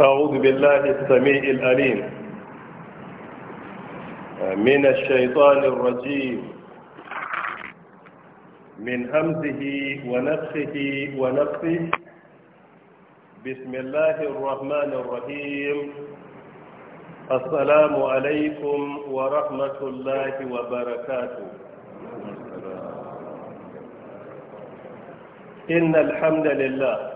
أعوذ بالله السميع الأليم من الشيطان الرجيم من همزه ونفخه ونفخه بسم الله الرحمن الرحيم السلام عليكم ورحمة الله وبركاته إن الحمد لله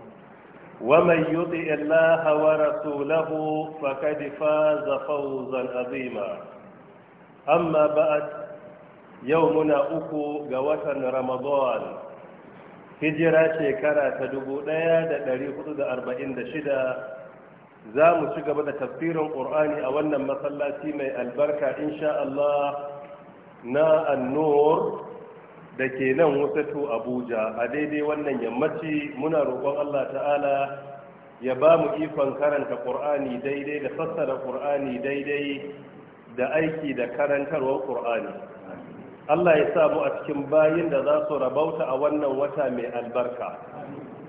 ومن يطع الله ورسوله فقد فاز فوزا عظيما أما بعد يومنا أكو قوة رمضان hijira shekara ta 1446 za mu ci gaba da tafsirin ƙur'ani a wannan masallaci mai albarka insha Allah na annur da ke nan wasatu abuja a daidai wannan yammaci muna roƙon allah ta'ala ya ba mu ikon karanta ƙur'ani daidai da fassara ƙur'ani daidai da aiki da karantarwar ƙur'ani allah ya sa mu a cikin bayin da za su rabauta a wannan wata mai albarka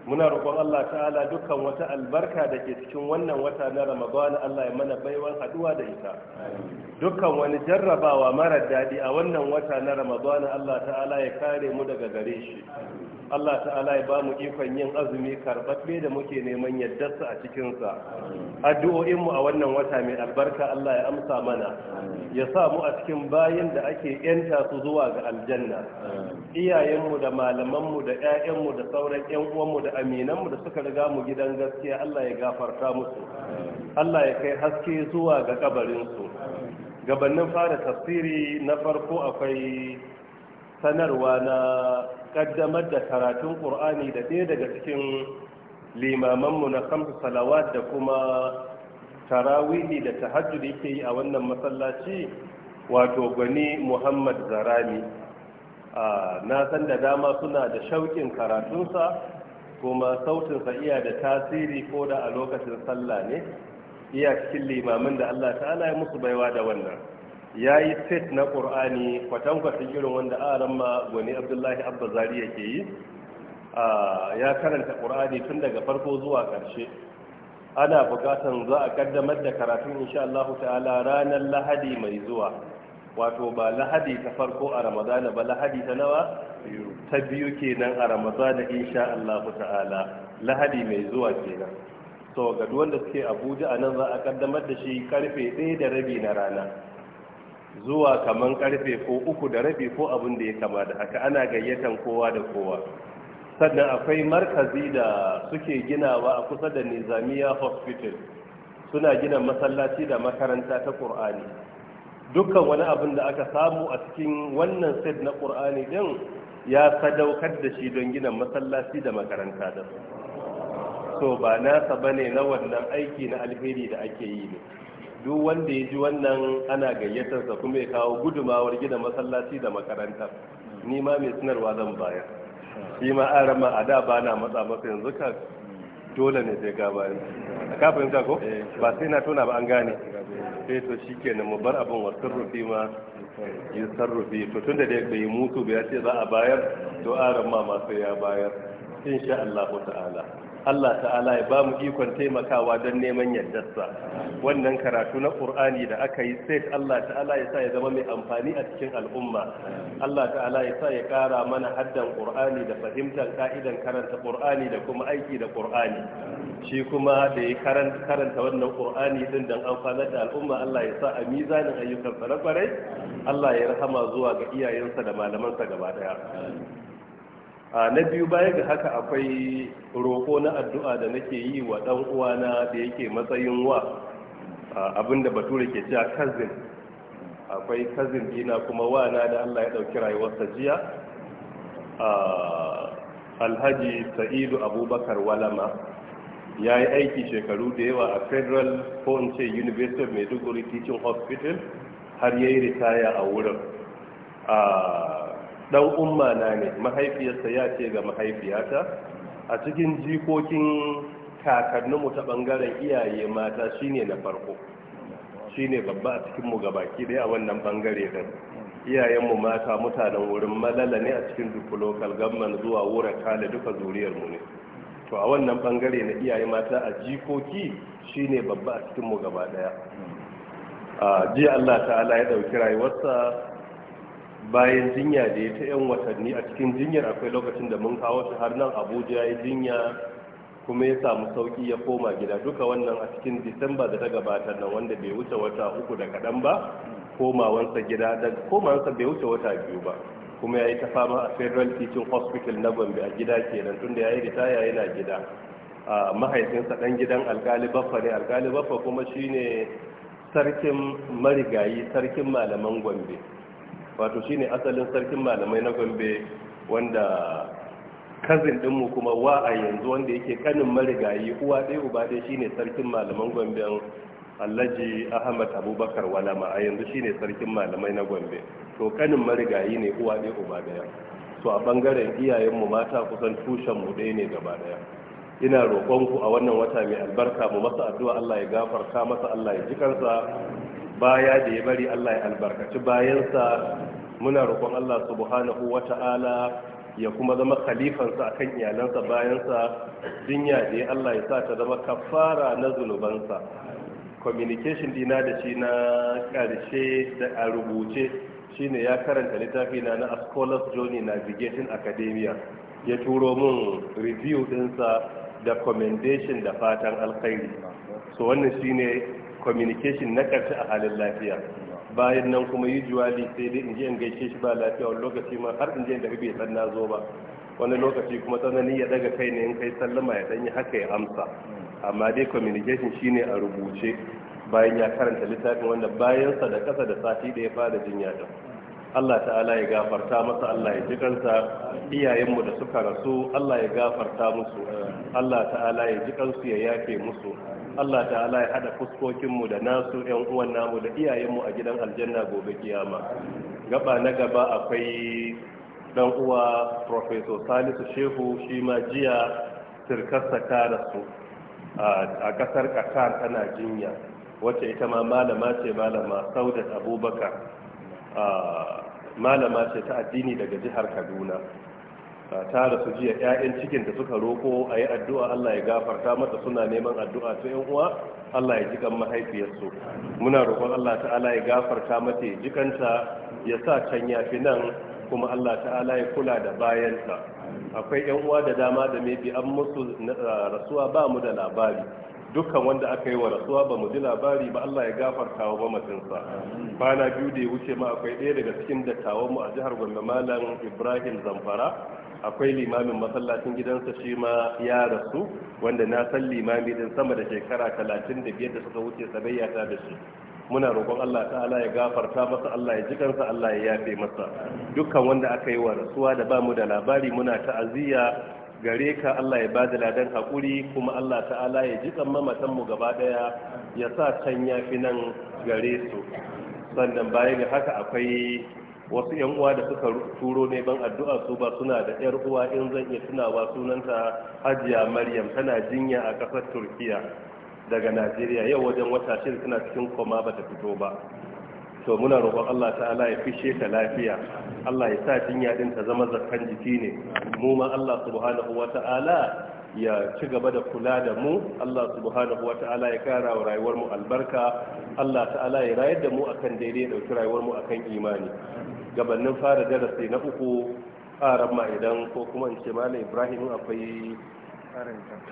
muna roƙon Allah ta'ala dukkan wata albarka da ke cikin wannan wata na Ramadan Allah ya mana baiwan haduwa da ita dukkan wani jarrabawa mara daɗi a wannan wata na Ramadan Allah ta'ala ya kare mu daga gare shi Allah ta'ala ya ba mu ikon yin azumi karɓaɓɓe da muke neman yardarsa a cikinsa addu'o'inmu a wannan wata mai albarka Allah ya amsa mana ya sa mu a cikin bayan da ake yanta su zuwa ga aljanna iyayenmu da malamanmu da 'ya'yanmu da sauran 'yan uwanmu da aminanmu da suka riga mu gidan gaskiya Allah ya gafarta musu Allah ya kai haske zuwa ga kabarinsu gabanin fara tafsiri na farko akwai sanarwa na kaddamar da karatun ƙur'ani da ɗaya daga cikin limamanmu na kamsu salawat da kuma tarawihi da tahajjud yake yi a wannan masallaci wato gani muhammad zarami na san da dama suna da shauƙin karatunsa kuma sautinsa iya da tasiri ko da a lokacin sallah ne iya cikin limamin da allah ta'ala ya musu baiwa da wannan ya yi set na ƙur'ani kwatankwacin irin wanda aran ma gwani abdullahi abba zari yake yi ya karanta ƙur'ani tun daga farko zuwa ƙarshe ana buƙatan za a kaddamar da karatun insha Allah ta'ala ranar lahadi mai zuwa wato ba lahadi ta farko a ramadana ba lahadi ta nawa ta biyu kenan a ramadana insha Allah ta'ala lahadi mai zuwa kenan so ga duk wanda suke abuja a nan za a kaddamar da shi karfe ɗaya da rabi na rana zuwa kaman karfe ko uku da rabi ko abin da ya kama da haka ana gayyatan kowa da kowa sannan akwai markazi da suke ginawa a kusa da nizamiya hospital suna gina masallaci da makaranta ta ƙur'ani dukkan wani abin da aka samu a cikin wannan set na ƙur'ani din ya sadaukar da shi don gina masallaci da makaranta da su. so ba nasa ba ne na wannan aiki na alheri da ake yi ne duk wanda ya ji wannan ana gayyatarsa kuma ya kawo gudumawar gina masallaci da makaranta ni ma mai sanarwa zan bayar shi ma an rama a da ba na matsa masa yanzu ka dole ne sai ka bayar a kafin ka ko eh, ba sai na tona ba an gane sai eh, to shi kenan mu bar abin wasu rufi ma yi sarrufi to tun da dai bai mutu ba ya ce za a bayar to an rama masu ya bayar insha Allah ta'ala Allah ta'ala ya ba mu ikon taimakawa don neman yardarsa wannan karatu na Qur'ani da aka yi sai Allah ta'ala ya sa ya zama mai amfani a cikin al'umma Allah ta'ala ya sa ya kara mana haddan Qur'ani da fahimtar ka'idan karanta Qur'ani da kuma aiki da Qur'ani shi kuma da ya karanta wannan Qur'ani din dan amfana da al'umma Allah ya sa a mizanin ayyukan sa na Allah ya rahama zuwa ga iyayensa da malamansa gaba daya na biyu baya ga haka akwai roƙo na addu'a da nake yi wa ɗan uwana da yake matsayin wa abinda bature ke cewa cousin akwai cousin dina kuma wana da Allah ya ɗauki rayuwarsa jiya alhaji sa'idu abubakar walama ya yi aiki shekaru da yawa a federal Ponce university of maiduguri teaching hospital har ya yi ritaya a wurin dan umma na ne mahaifiyarsa ya ce ga mahaifiyata a cikin jikokin kakanninmu ta bangaren iyaye mata shine na farko shine babba a cikinmu gabaki dai a wannan bangare din iyayenmu mata mutanen wurin malala ne a cikin duk local government zuwa wurin kale duka zuriyarmu ne to a wannan bangare na iyaye mata a jikoki shine babba a cikinmu gaba daya jiya Allah ta'ala ya dauki rayuwarsa bayan jinya da ya ta 'yan watanni a cikin jinyar akwai lokacin da mun kawo shi har nan abuja ya yi jinya kuma ya samu sauki ya koma gida duka wannan a cikin disamba da ta gabata nan wanda bai wuce wata uku da kaɗan ba komawansa gida da komawansa bai wuce wata biyu ba kuma ya yi ta fama a federal teaching hospital na gombe a gida kenan da ya yi ritaya yana gida a mahaifinsa ɗan gidan alkali baffa ne alkali baffa kuma shine sarkin marigayi sarkin malaman gombe wato shine asalin sarkin malamai na gombe wanda kazin dinmu kuma wa a yanzu wanda yake kanin marigayi uwa ɗaya uba ɗaya shine sarkin malaman gomben alhaji ahmad abubakar walama a yanzu shine sarkin malamai na gombe to kanin marigayi ne uwa ɗaya uba ɗaya to a ɓangaren iyayenmu mata kusan tushen mu ɗaya ne gaba ɗaya ina roƙonku a wannan wata mai albarka mu masa addu'a Allah ya gafarta masa Allah ya ji kansa baya da ya bari Allah ya albarkaci bayansa muna roƙon Allah subhanahu wata'ala ya kuma zama khalifansa akan iyalansa bayansa dunya da ya Allah ya sa ta zama kafara na zunubansa communication dina da shi na ƙarshe da a rubuce shine ya karanta littafi na na a scholars journey navigation academia ya turo mun review dinsa da commendation da fatan alkhairi so wannan shine communication na ƙarshe a halin lafiya bayan nan kuma yi juwali sai dai in je in gaishe shi ba lafiya wani lokaci ma har in je da bai san na zo ba wani lokaci kuma tsanani ya daga kai ne in kai sallama ya danyi haka ya amsa amma dai communication shine a rubuce bayan ya karanta littafin wanda bayansa da kasa da sati da ya fara jinya din Allah ta'ala ya gafarta masa Allah ya ji kansa iyayenmu da suka rasu Allah ya gafarta musu Allah ta'ala ya ji kansu ya yafe musu Allah ta'ala ya hada fuskokinmu da nasu ‘yan uwan namu da iyayenmu a gidan aljanna gobe kiyama. Gaba na gaba akwai ɗan uwa Professor Salisu Shehu shi ma jiya sirkarsa ta rasu a ƙasar Qatar tana jinya wacce ita ma malama ce malama Saudat Abubakar malama ce ta addini daga jihar Kaduna. ta su jiya 'ya'yan cikin da suka roko a yi addu'a Allah ya gafarta mata suna neman addu'a ta yan uwa Allah ya jikan mahaifiyarsu muna roƙon Allah ta'ala ya gafarta mata ya jikanta ya sa can ya fi nan kuma Allah ta'ala ya kula da bayanta akwai yan uwa da dama da mai an musu rasuwa ba mu da labari dukkan wanda aka yi wa rasuwa ba mu ji labari ba Allah ya gafarta wa mamacinsa bana biyu da ya wuce ma akwai ɗaya daga cikin dattawan mu a jihar Gombe Malam Ibrahim Zamfara akwai limamin masallacin gidansa shi ma ya rasu wanda na san limami din sama da shekara talatin da biyar da suka wuce sabayya ta da shi muna roƙon Allah ta'ala ya gafarta masa Allah ya jikansa Allah ya yafe masa dukkan wanda aka yi wa rasuwa da ba mu da labari muna ta'aziyya gare ka Allah ya da ladan hakuri kuma Allah ta'ala ya ji mamatan mu gaba daya ya sa can yafi nan gare su sannan bayan haka akwai wasu yan uwa da suka turo ne ban addu'a su ba suna da yar uwa in zan iya tunawa sunanta hajiya maryam tana jinya a kasar turkiya daga najeriya yau wajen wata shida tana cikin koma ba ta fito ba to muna roƙon allah ta'ala ya fishe ta lafiya allah ya sa jinya din ta zama zakan jiki ne mu ma allah subhanahu wa ta'ala ya ci gaba da kula da mu Allah subhanahu wa ta'ala ya kara wa rayuwar mu albarka Allah ta'ala ya rayar da mu akan daidai dauki rayuwar mu akan imani gabanin fara darasi na uku ƙaran ma ko kuma in ce malam Ibrahim akwai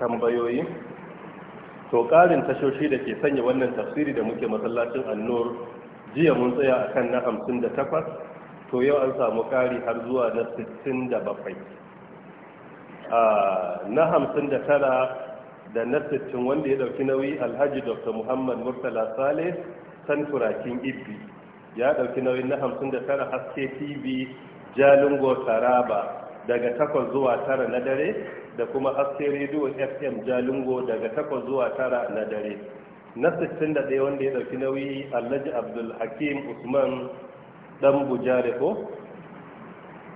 tambayoyi to ƙarin tashoshi da ke sanya wannan tafsiri da muke masallacin annur jiya mun tsaya akan na 58 to yau an samu kari har zuwa na sittin da 67 na hamsin da tara da na sittin wanda ya dauki nauyi alhaji dr muhammad murtala saleh santurakin ibbi ya dauki nauyi na hamsin da tara haske tv jalingo taraba daga takwas zuwa tara na dare da kuma haske rediyo fm jalingo daga takwas zuwa tara na dare na 61 wanda ya dauki nauyi alhaji Abdul Hakim usman dan bujare ko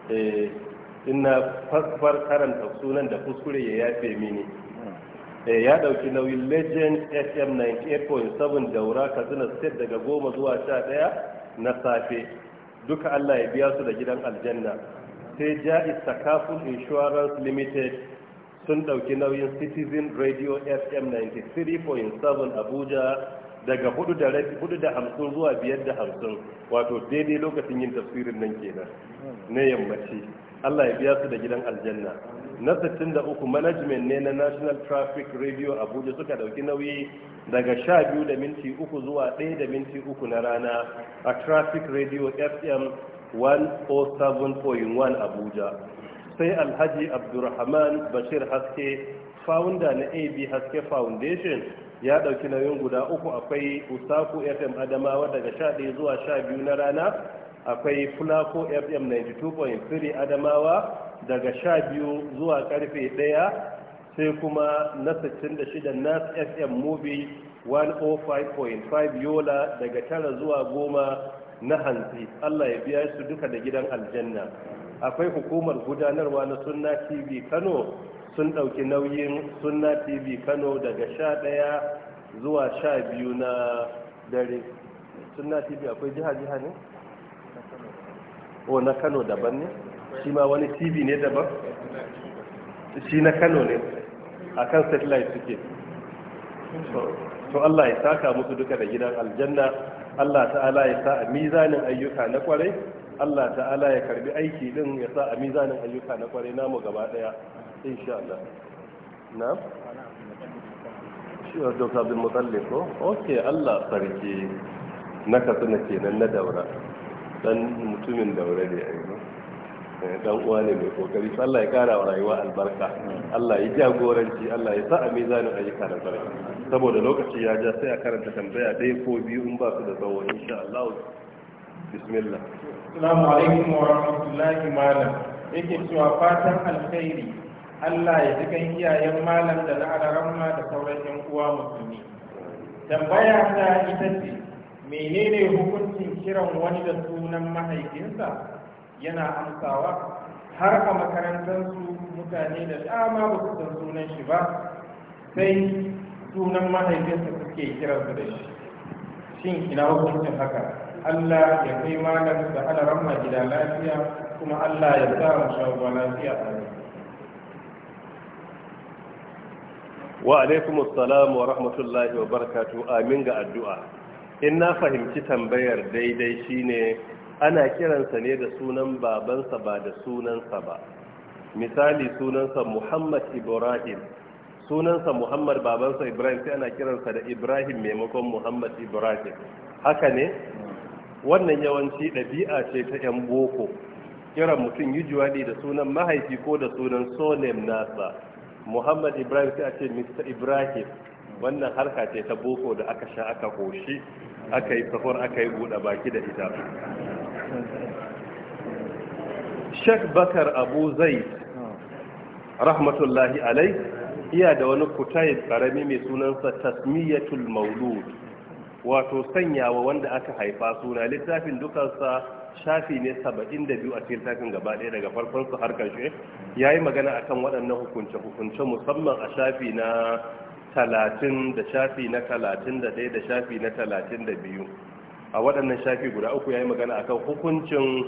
eh, inna fasfar karanta sunan da kuskure ya yafe mini eh, ya dauki nauyin legend fm 98.7 daura katsina state daga goma zuwa sha daya na safe duka allah ya biya su da gidan aljanna sai jaiz takaful insurance limited sun dauki nauyin citizen radio fm 93.7 abuja daga hudu da hamsin zuwa biyar da hamsin wato daidai lokacin yin tafsirin nan kenan na yammaci Allah ya biya su da gidan aljanna na 63 management ne na National Traffic Radio Abuja suka dauki nauyi daga 12 da minti 3 zuwa 1 da minti uku na rana a Traffic Radio FM 107.1 Abuja sai Alhaji abdurrahman Bashir Haske founder na AB Haske Foundation ya dauki nauyin guda uku akwai Usaku FM Adamawa daga 11 zuwa 12 na rana akwai fulako fm 92.3 adamawa daga sha biyu zuwa karfe daya sai kuma na 66 nas fm movie 105.5 yola daga tara zuwa goma na hantsi allah ya biya su duka da gidan aljanna akwai hukumar gudanarwa na sunna tv kano sun ɗauki nauyin sunna tv kano daga sha ɗaya zuwa sha biyu na dare sunna tv akwai jiha-jiha ne? ko na kano daban ne shi ma wani tv ne daban shi na kano ne a kan satellite suke to allah ya saka musu duka da gidan aljanna allah ta'ala ya sa a mizanin ayyuka na kwarai allah ta'ala ya karbi aiki din ya sa a mizanin ayyuka na kwarai namu gaba daya insha allah na shi wa sabbin abdul mutallif ko ok allah sarki na katsina kenan na daura dan mutumin daure ne a eh, yanzu. dan uwa ne mai kokari Allah ya kara wa rayuwa albarka Allah ya jagoranci Allah ya sa a mizanin ayyuka da barka saboda lokaci ya ja sai a karanta tambaya ɗaya ko biyu in ba su da tsawo insha Allah bismillah assalamu alaikum wa rahmatullahi malam yake cewa fatan alkhairi Allah ya ji kan iyayen malam da na da sauran yan uwa musulmi tambaya ta ita ce menene hukuncin kiran wani da sunan mahaifinsa yana amsawa har a makarantarsu mutane da dama ba su san sunan shi ba sai sunan mahaifinsa suke kiran da shi shin ina hukuncin haka allah ya kai malam da alaramma gida lafiya kuma allah ya sa mu shagwa lafiya a wa alaikum assalam wa rahmatullahi wa barakatuh amin ga addu'a in na fahimci tambayar daidai shine ana kiransa ne da sunan babansa ba da sunansa ba misali sunansa muhammad ibrahim sunansa muhammad babansa ibrahim sai ana kiransa da ibrahim maimakon muhammad ibrahim haka ne wannan yawanci ɗabi'a ce ta 'yan boko kiran mutum yi juwaɗi da sunan mahaifi ko da sunan sonem nasa muhammad ibrahim sai a ce mr ibrahim wannan harka ce ta boko da aka sha aka koshi aka yi safar aka yi buɗe baki da ita shek bakar abu zai rahmatullahi alai iya da wani kutayib karami mai sunansa tasmiyatul maulud wato sanyawa wanda aka haifa suna littafin dukansa shafi ne 72 a cikin littafin gaba ɗaya daga farkon su har ƙarshe ya yi magana akan waɗannan hukunce-hukunce musamman a shafi na talatin da shafi na talatin da ɗaya da shafi na talatin da biyu a waɗannan shafi guda uku ya yi magana a kan hukuncin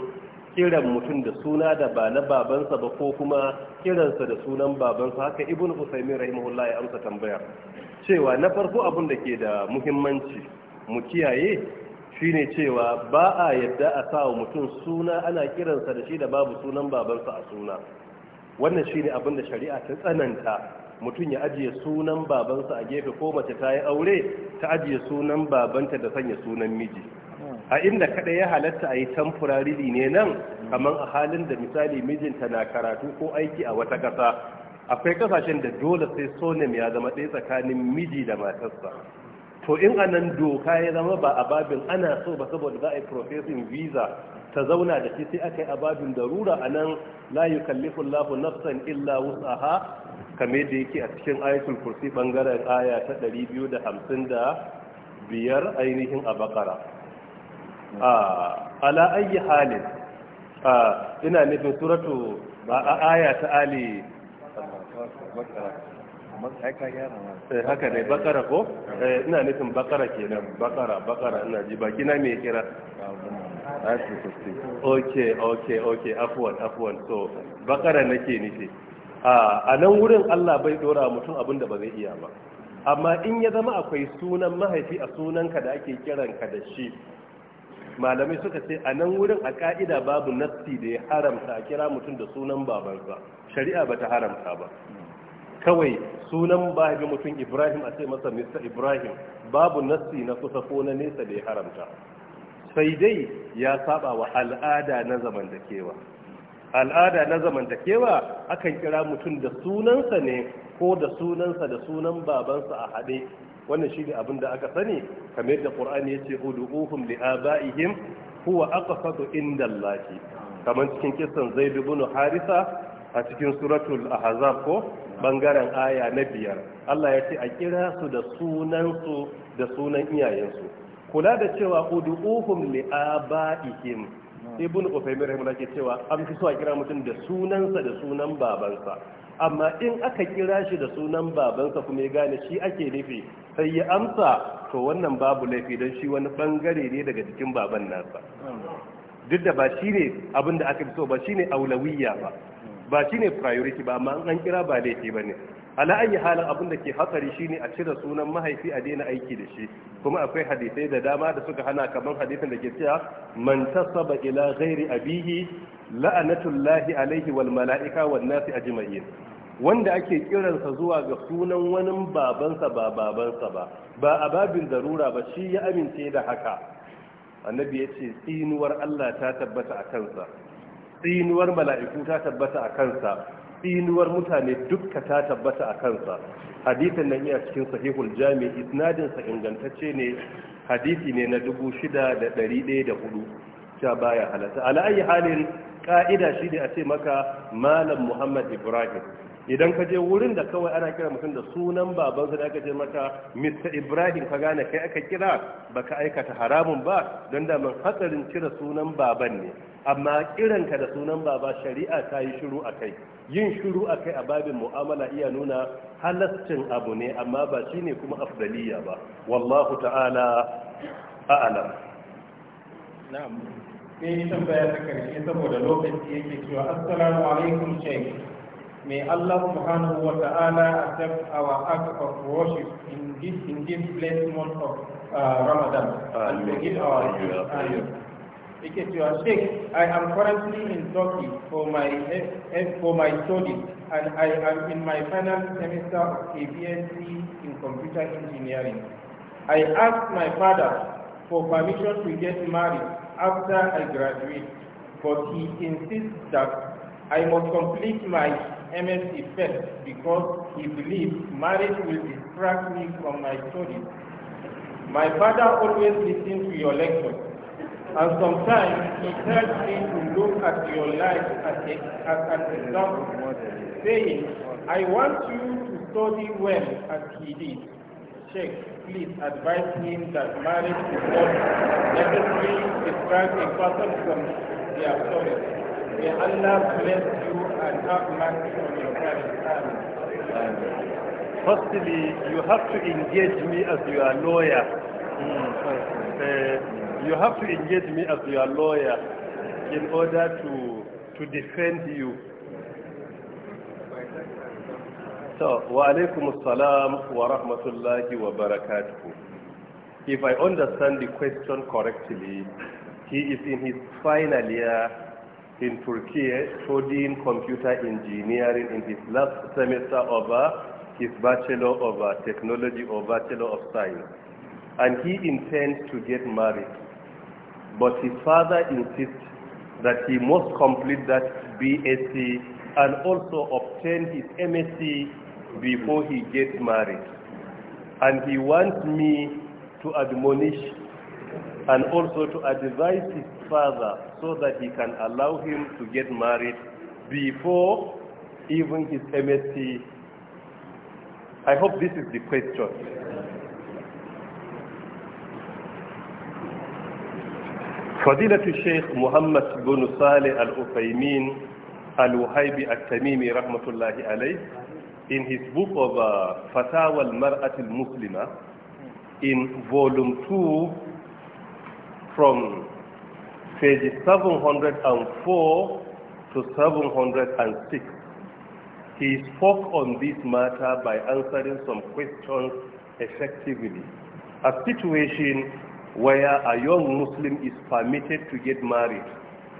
kiran mutum da suna da ba na babansa ba ko kuma kiransa da sunan babansa haka ibn usaimin rahimahullah ya amsa tambaya. cewa na farko abin da ke da muhimmanci mu kiyaye shine cewa ba a yadda a sa mutum suna ana kiransa da shi da babu sunan babansa a suna wannan shine abin da shari'a ta tsananta mutum ya ajiye sunan babansa a gefe ko mace ta yi aure ta ajiye sunan babanta da sanya sunan miji a inda kada ya halatta a yi tamfurari ne nan kamar a halin da misali mijinta na karatu ko aiki a wata ƙasa akwai ƙasashen da dole sai sonim ya zama ɗaya tsakanin miji da matarsa to in anan doka ya zama ba a babin ana so ba saboda za a yi profesin visa ta zauna da shi sai aka yi ababin darura a nan la kallifin lafi nafsan illa ha kame da yake a cikin ayatul kursi bangaren aya ta 255 ainihin a bakara ala ayi halin ina nufin suratu ba a aya ta ali eh, haka ne bakara ko eh, ina nufin bakara ke nan bakara bakara ina ji baki na mai kira Ok ok ok afuwan afuwan so bakara nake nufi a nan wurin Allah bai dora mutum abin da ba zai iya ba amma in ya zama akwai sunan mahaifi a sunanka da ake kiranka da shi malamai suka ce a nan wurin a ka'ida babu nassi da ya haramta a kira mutum da sunan babansa shari'a ba ta haramta ba kawai sunan haifin mutum ibrahim a ce masa mr ibrahim babu nassi na kusa ko na nesa da ya haramta sai dai ya saba wa al'ada na zamantakewa al'ada na zamantakewa akan kira mutum da sunansa ne ko da sunansa da sunan babansa a haɗe wannan shi ne abin da aka sani kamar yadda ƙur'ani ya ce a ba'ihim kuwa aka faɗo inda lafi kamar cikin kisan zai ibn Harisa a cikin suratul Ahazab ko bangaren aya na biyar Allah ya ce a kira su da sunansu da sunan iyayensu kula da cewa ud'uhum li abaihim ibn ufaymi rahimahullah ke cewa an fi so a kira mutum da sunansa da sunan babansa amma in aka kira shi da sunan babansa kuma ya gane shi ake nufi sai ya amsa to wannan babu laifi don shi wani bangare ne daga jikin baban nasa duk da ba shi ne abin da aka fi so ba shi ne aulawiyya ba ba shi ne priority ba amma an kira ba laifi ba ne ala ayi halin abin da ke hatsari shine a cire sunan mahaifi a daina aiki da shi kuma akwai hadisai da dama da suka hana kaman hadisin da ke cewa man tasaba ila ghairi abihi la'anatullahi alaihi wal mala'ika wan nasi ajma'in wanda ake kiransa zuwa ga sunan wani babansa ba babansa ba ba a babin darura ba shi ya amince da haka annabi ya ce tsinuwar Allah ta tabbata a kansa tsinuwar mala'iku ta tabbata a kansa tsinuwar mutane dukka ta tabbata a kansa hadithin nan iya cikin sahihul jami'i, isnadinsa ingantacce ne hadithi ne na 6,104 sha baya halatta ala ayi halin ka'ida shi ne a ce maka malam muhammad ibrahim idan ka je wurin da kawai ana kira mutum da sunan babansa da aka ce maka mr ibrahim ka gane kai aka kira baka aikata haramun ba don daman hatsarin cire sunan baban ne amma kiranka da sunan baba shari'a ta yi shiru a kai yin shiru a kai a babin mu'amala iya nuna halascin abu ne amma ba shi ne kuma afdaliya ba wallahu ta'ala a'alam na'am sai tambaya ta karshe saboda lokaci yake cewa assalamu alaikum shaykh may Allah subhanahu wa ta'ala accept our act of worship in this in this place month of uh, Ramadan Amen. and forgive our sins you are sick, i am currently in turkey for my eh, eh, for my studies and i am in my final semester of a bsc in computer engineering i asked my father for permission to get married after i graduate but he insists that i must complete my msc first because he believes marriage will distract me from my studies my father always listens to your lectures and sometimes he tells me to look at your life as, a, as an example, saying, I want you to study well as he did. Sheikh, please advise him that marriage is not necessarily distract a person from the sorrow. May Allah bless you and have mercy on your marriage. Firstly, you have to engage me as your lawyer. Mm. Uh, you have to engage me as your lawyer in order to to defend you. So, wa alaikum assalam wa rahmatullahi wa barakatuh. If I understand the question correctly, he is in his final year in Turkey studying computer engineering in his last semester of his Bachelor of uh, Technology or Bachelor of Science. And he intends to get married but his father insists that he must complete that BSc and also obtain his MSc before he gets married. And he wants me to admonish and also to advise his father so that he can allow him to get married before even his MSc. I hope this is the question. fadilatu sheikh muhammad bin salih al-ufaimin al-wahaibi at-tamimi rahmatullahi in his book of uh, fatawa al-mar'at al-muslima in volume 2 from pages 704 to 706 he spoke on this matter by answering some questions effectively a situation where a young Muslim is permitted to get married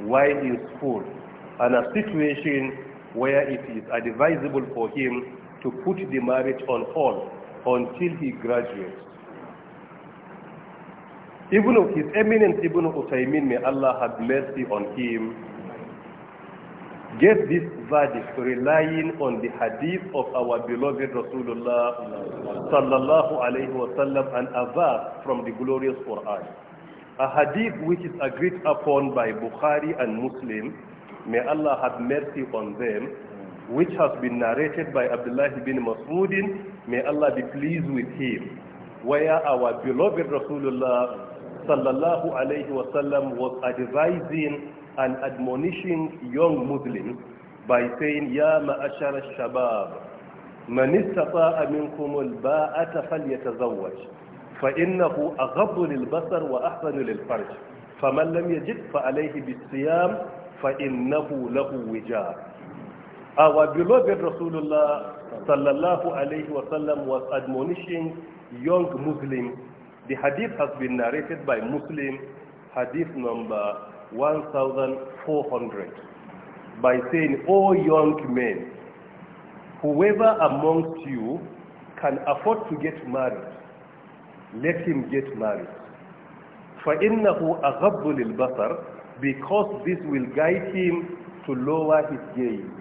while in school and a situation where it is advisable for him to put the marriage on hold until he graduates. Even His Eminence Ibn Utaymin, may Allah have mercy on him, Get this verdict relying on the hadith of our beloved Rasulullah sallallahu alayhi wa sallam and a verse from the glorious Quran. A hadith which is agreed upon by Bukhari and Muslim, may Allah have mercy on them, which has been narrated by Abdullah ibn Masudin, may Allah be pleased with him, where our beloved Rasulullah sallallahu alayhi wa sallam was advising and admonishing young Muslims by saying, Ya ma'ashar shabab, man istata'a minkum al-ba'ata falyatazawwaj fa innahu aghaddu lil-basar wa ahsanu lil-farj faman lam yajid fa alayhi bis-siyam fa innahu lahu wija our beloved rasulullah sallallahu alayhi wa sallam was admonishing young muslims the hadith has been narrated by muslim hadith number 1400 by saying, all young men, whoever amongst you can afford to get married, let him get married. فَإِنَّهُ أَغَبُّ لِلْبَصَرِ Because this will guide him to lower his gaze.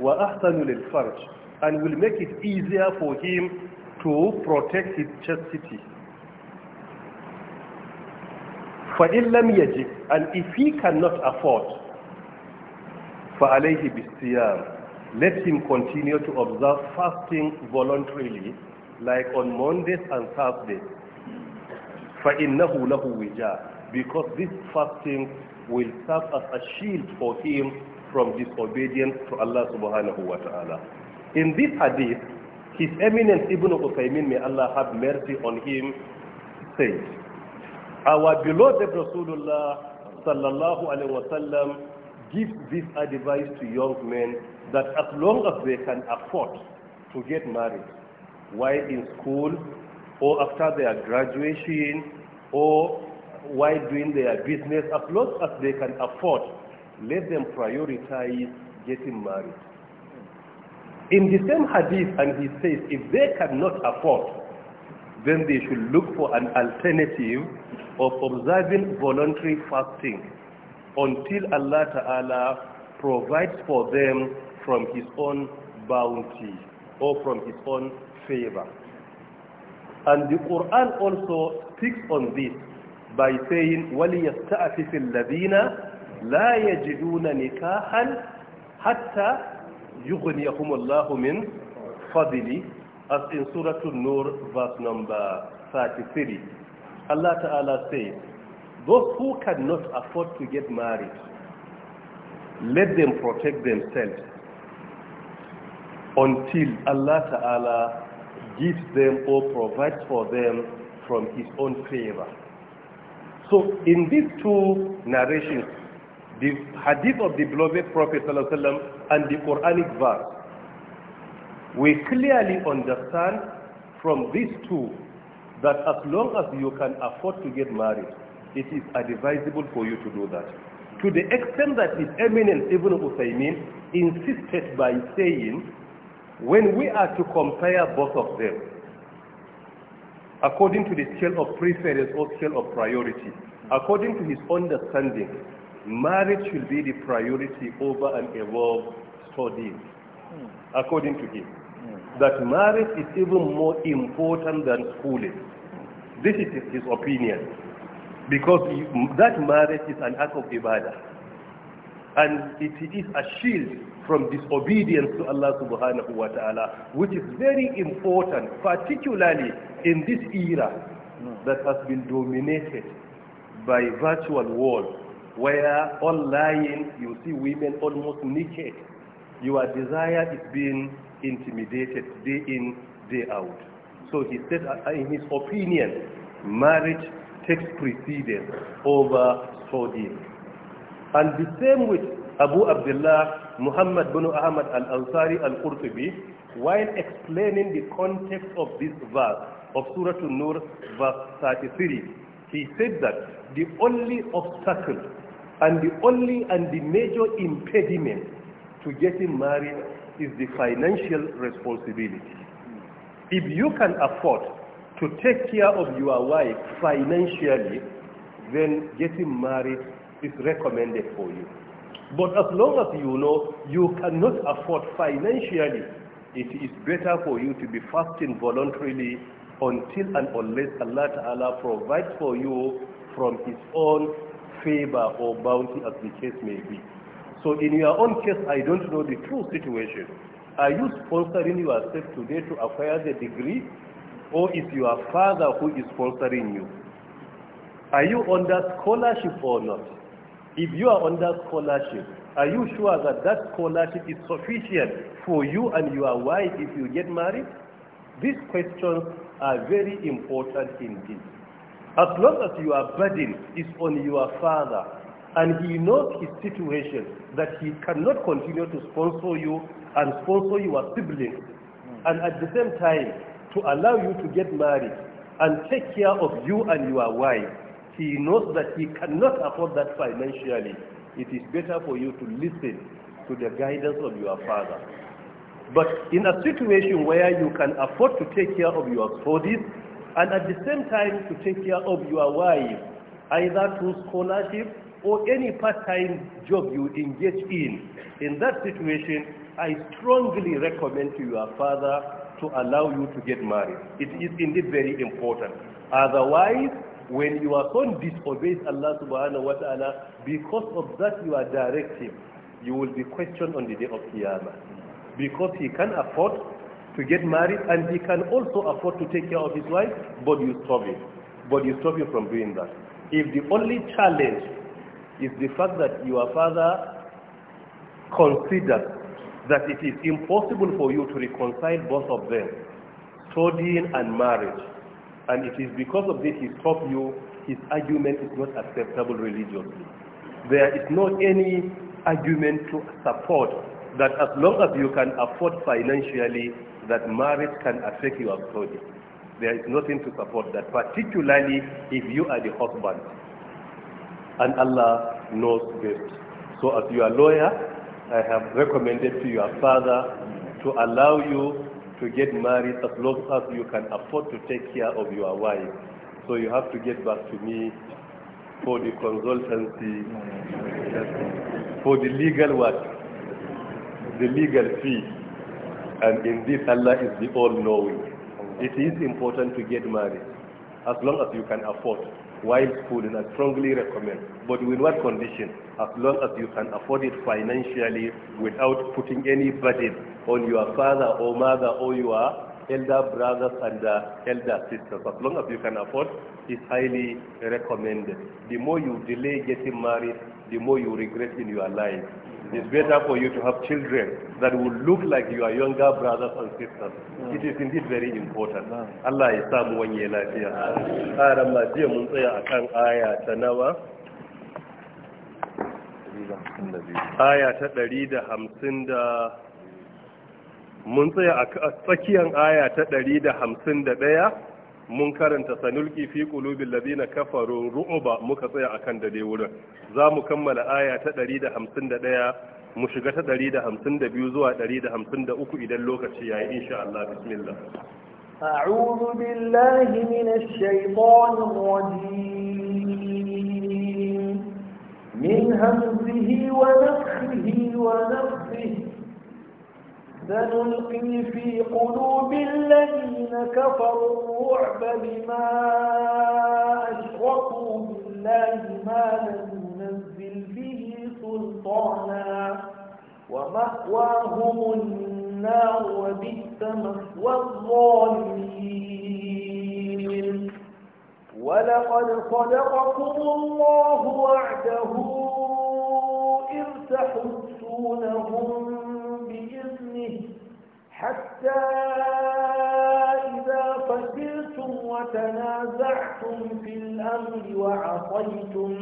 وَأَحْسَنُ لِلْفَرْجِ And will make it easier for him to protect his chastity. فَإِلَّمْ يَجِبْ And if he cannot afford, فَعَلَيْهِ بِالسِّيَامِ Let him continue to observe fasting voluntarily, like on Mondays and Thursdays. فَإِنَّهُ لَهُ وِجَاء Because this fasting will serve as a shield for him from disobedience to Allah subhanahu wa ta'ala. In this hadith, His Eminence Ibn Uthaymeen, may Allah have mercy on him, said, our beloved Rasulullah sallallahu alaihi wasallam gives this advice to young men that as long as they can afford to get married while in school or after their graduation or while doing their business, as long as they can afford, let them prioritize getting married. In the same hadith, and he says, if they cannot afford, then they should look for an alternative of observing voluntary fasting until Allah Ta'ala provides for them from his own bounty or from his own favor. And the Quran also speaks on this by saying, وَلِيَسْتَعْفِفِ الَّذِينَ لَا يَجِدُونَ نِكَاحًا حَتَّى يُغْنِيَهُمُ اللَّهُ مِنْ فَضِلِهِ as in Surah An-Nur, verse number 33. Allah Ta'ala says, those who cannot afford to get married, let them protect themselves until Allah Ta'ala gives them or provides for them from his own favor. So in these two narrations, the hadith of the beloved Prophet ﷺ and the Quranic verse, we clearly understand from these two that as long as you can afford to get married, it is advisable for you to do that. To the extent that His Eminence Ibn Uthaymeen insisted by saying, when we are to compare both of them, according to the scale of preference or scale of priority, according to his understanding, marriage should be the priority over and above studying, according to him that marriage is even more important than schooling. This is his opinion. Because that marriage is an act of ibadah. And it is a shield from disobedience to Allah subhanahu wa ta'ala, which is very important, particularly in this era that has been dominated by virtual world, where online you see women almost naked. Your desire is being intimidated day in, day out. So he said, uh, in his opinion, marriage takes precedence over studying. And the same with Abu Abdullah Muhammad bin Ahmad al-Ansari al-Qurtubi, while explaining the context of this verse of Surah An-Nur, verse 33, he said that the only obstacle and the only and the major impediment to getting married is the financial responsibility. If you can afford to take care of your wife financially, then getting married is recommended for you. But as long as you know you cannot afford financially, it is better for you to be fasting voluntarily until and unless Allah Ta'ala provides for you from His own favor or bounty as the case may be. So in your own case, I don't know the true situation. Are you sponsoring yourself today to acquire the degree? Or is your father who is sponsoring you? Are you under scholarship or not? If you are under scholarship, are you sure that that scholarship is sufficient for you and your wife if you get married? These questions are very important indeed. As long as your burden is on your father, and he knows his situation that he cannot continue to sponsor you and sponsor your siblings hmm. and at the same time to allow you to get married and take care of you and your wife he knows that he cannot afford that financially it is better for you to listen to the guidance of your father but in a situation where you can afford to take care of your studies and at the same time to take care of your wife either through scholarship or any part-time job you engage in, in that situation, I strongly recommend to your father to allow you to get married. It is indeed very important. Otherwise, when your son disobeys Allah subhanahu wa ta'ala, because of that you are directive, you will be questioned on the day of Qiyamah. Because he can afford to get married and he can also afford to take care of his wife, but you stop him. But you stop him from doing that. If the only challenge is the fact that your father considered that it is impossible for you to reconcile both of them, studying and marriage. And it is because of this he stopped you, his argument is not acceptable religiously. There is not any argument to support that as long as you can afford financially, that marriage can affect your study. There is nothing to support that, particularly if you are the husband and Allah knows best. So as your lawyer, I have recommended to your father to allow you to get married as long as you can afford to take care of your wife. So you have to get back to me for the consultancy, for the legal work, The legal fee. And in this, Allah is the all-knowing. It is important to get married as long as you can afford while food and I strongly recommend, but in what condition? As long as you can afford it financially without putting any burden on your father or mother or your elder brothers and uh, elder sisters. As long as you can afford, it's highly recommended. The more you delay getting married, the more you regret in your life. It's better for you to have children that will look like your younger brothers and sisters. It is indeed very important. Allah ya samu wanye lafiya. Ƙaran ma jiya mun tsaya a kan aya ta nawa? Aya ta ɗari da hamsin da mun tsaya a tsakiyar aya ta ɗari da hamsin da ɗaya mun karanta sanulki fi qulubil ladina kafaru ru'ba muka tsaya akan dai wurin za mu kammala aya ta 151 mu shiga ta 152 zuwa 153 idan lokaci yayi insha Allah bismillah أعوذ بالله من الشيطان الرجيم من همزه ونفخه ونفخه سنلقي في قلوب الذين كفروا الرعب بما أشركوا بالله ما لم ينزل به سلطانا ومأواهم النار وبئس مثوى الظالمين ولقد صدقكم الله وعده إذ تحسونهم فيه حتى إذا قتلتم وتنازعتم في الأمر وعصيتم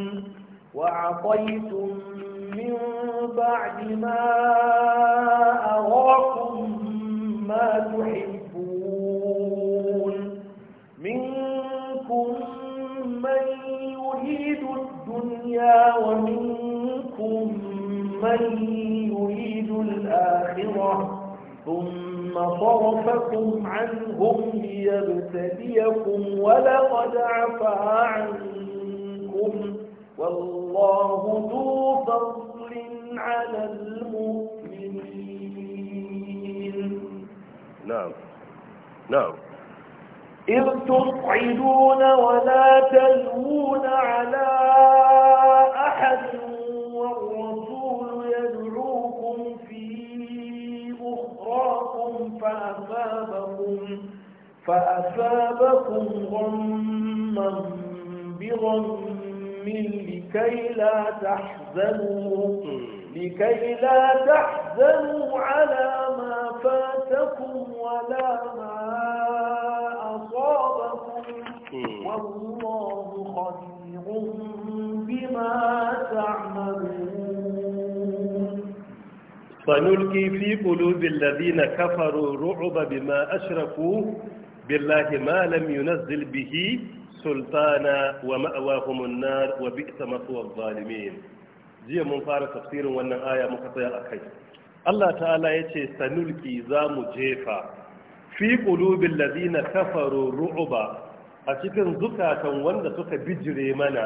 وعصيتم من بعد ما أراكم ما تحبون منكم من يريد الدنيا ومنكم من يريد الآخرة ثم صرفكم عنهم ليبتليكم ولقد عفا عنكم والله ذو فضل على المؤمنين نعم نعم إذ تصعدون ولا تلوون على أحد والرسول أعطاكم فأثابكم فأثابكم غما بغم لكي لا تحزنوا لكي لا تحزنوا على ما فنلقي في قلوب الذين كفروا رعب بما أشركوا بالله ما لم ينزل به سلطانا ومأواهم النار وبئس مثوى الظالمين jiya mun fara tafsirin wannan aya muka tsaya a kai Allah ta'ala ya ce sanulki za mu jefa fi qulubil ladina kafaru ru'uba a cikin zukatan wanda suka bijire mana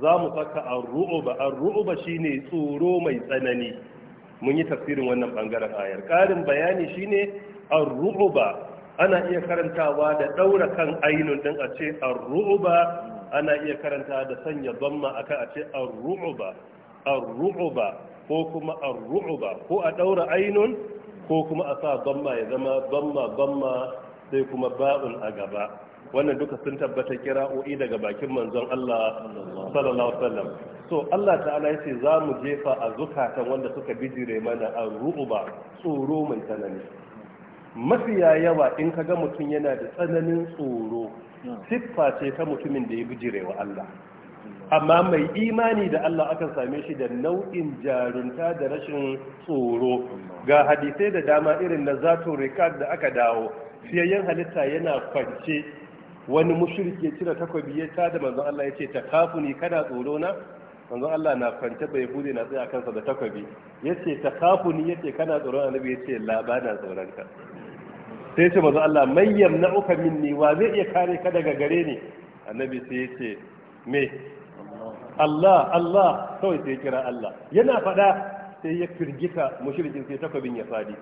za mu saka ar-ru'uba ar-ru'uba shine tsoro mai tsanani mun yi tafsirin wannan bangaren ayar ƙarin bayani shine ar-ru'ba ana iya karantawa da daura kan ainun din a ce ar-ru'ba ana iya karanta da sanya dhamma aka a ce ar-ru'ba ar-ru'ba ko kuma ar-ru'ba ko a daura ainun ko kuma a sa dhamma ya zama dhamma dhamma sai kuma ba'un a gaba wannan duka sun tabbata kira'o'i daga bakin manzon Allah sallallahu alaihi wasallam so Allah ta'ala ya ce za mu jefa a zukatan wanda suka bijire mana a ba tsoro mai tsanani mafiya yawa in ka ga mutum yana da tsananin tsoro siffa ce ta mutumin da ya bijire wa Allah amma mai imani da Allah aka same shi da nau'in jarunta da rashin tsoro ga hadisai da dama irin na zato rikad da aka dawo fiyayyen halitta yana kwance wani mushriki ya cire takobi ya tada manzon Allah ya ce takafuni kana tsoro na manzo Allah na kwance bai bude na tsaya kansa da takwabi yace ta kafu ni yace kana tsoron annabi yace la ba na tsoron ka sai yace manzo Allah man uka minni wa zai iya kare ka daga gare ni annabi sai yace me Allah Allah kawai sai kira Allah yana fada sai ya firgita mushrikin sai takwabin ya fadi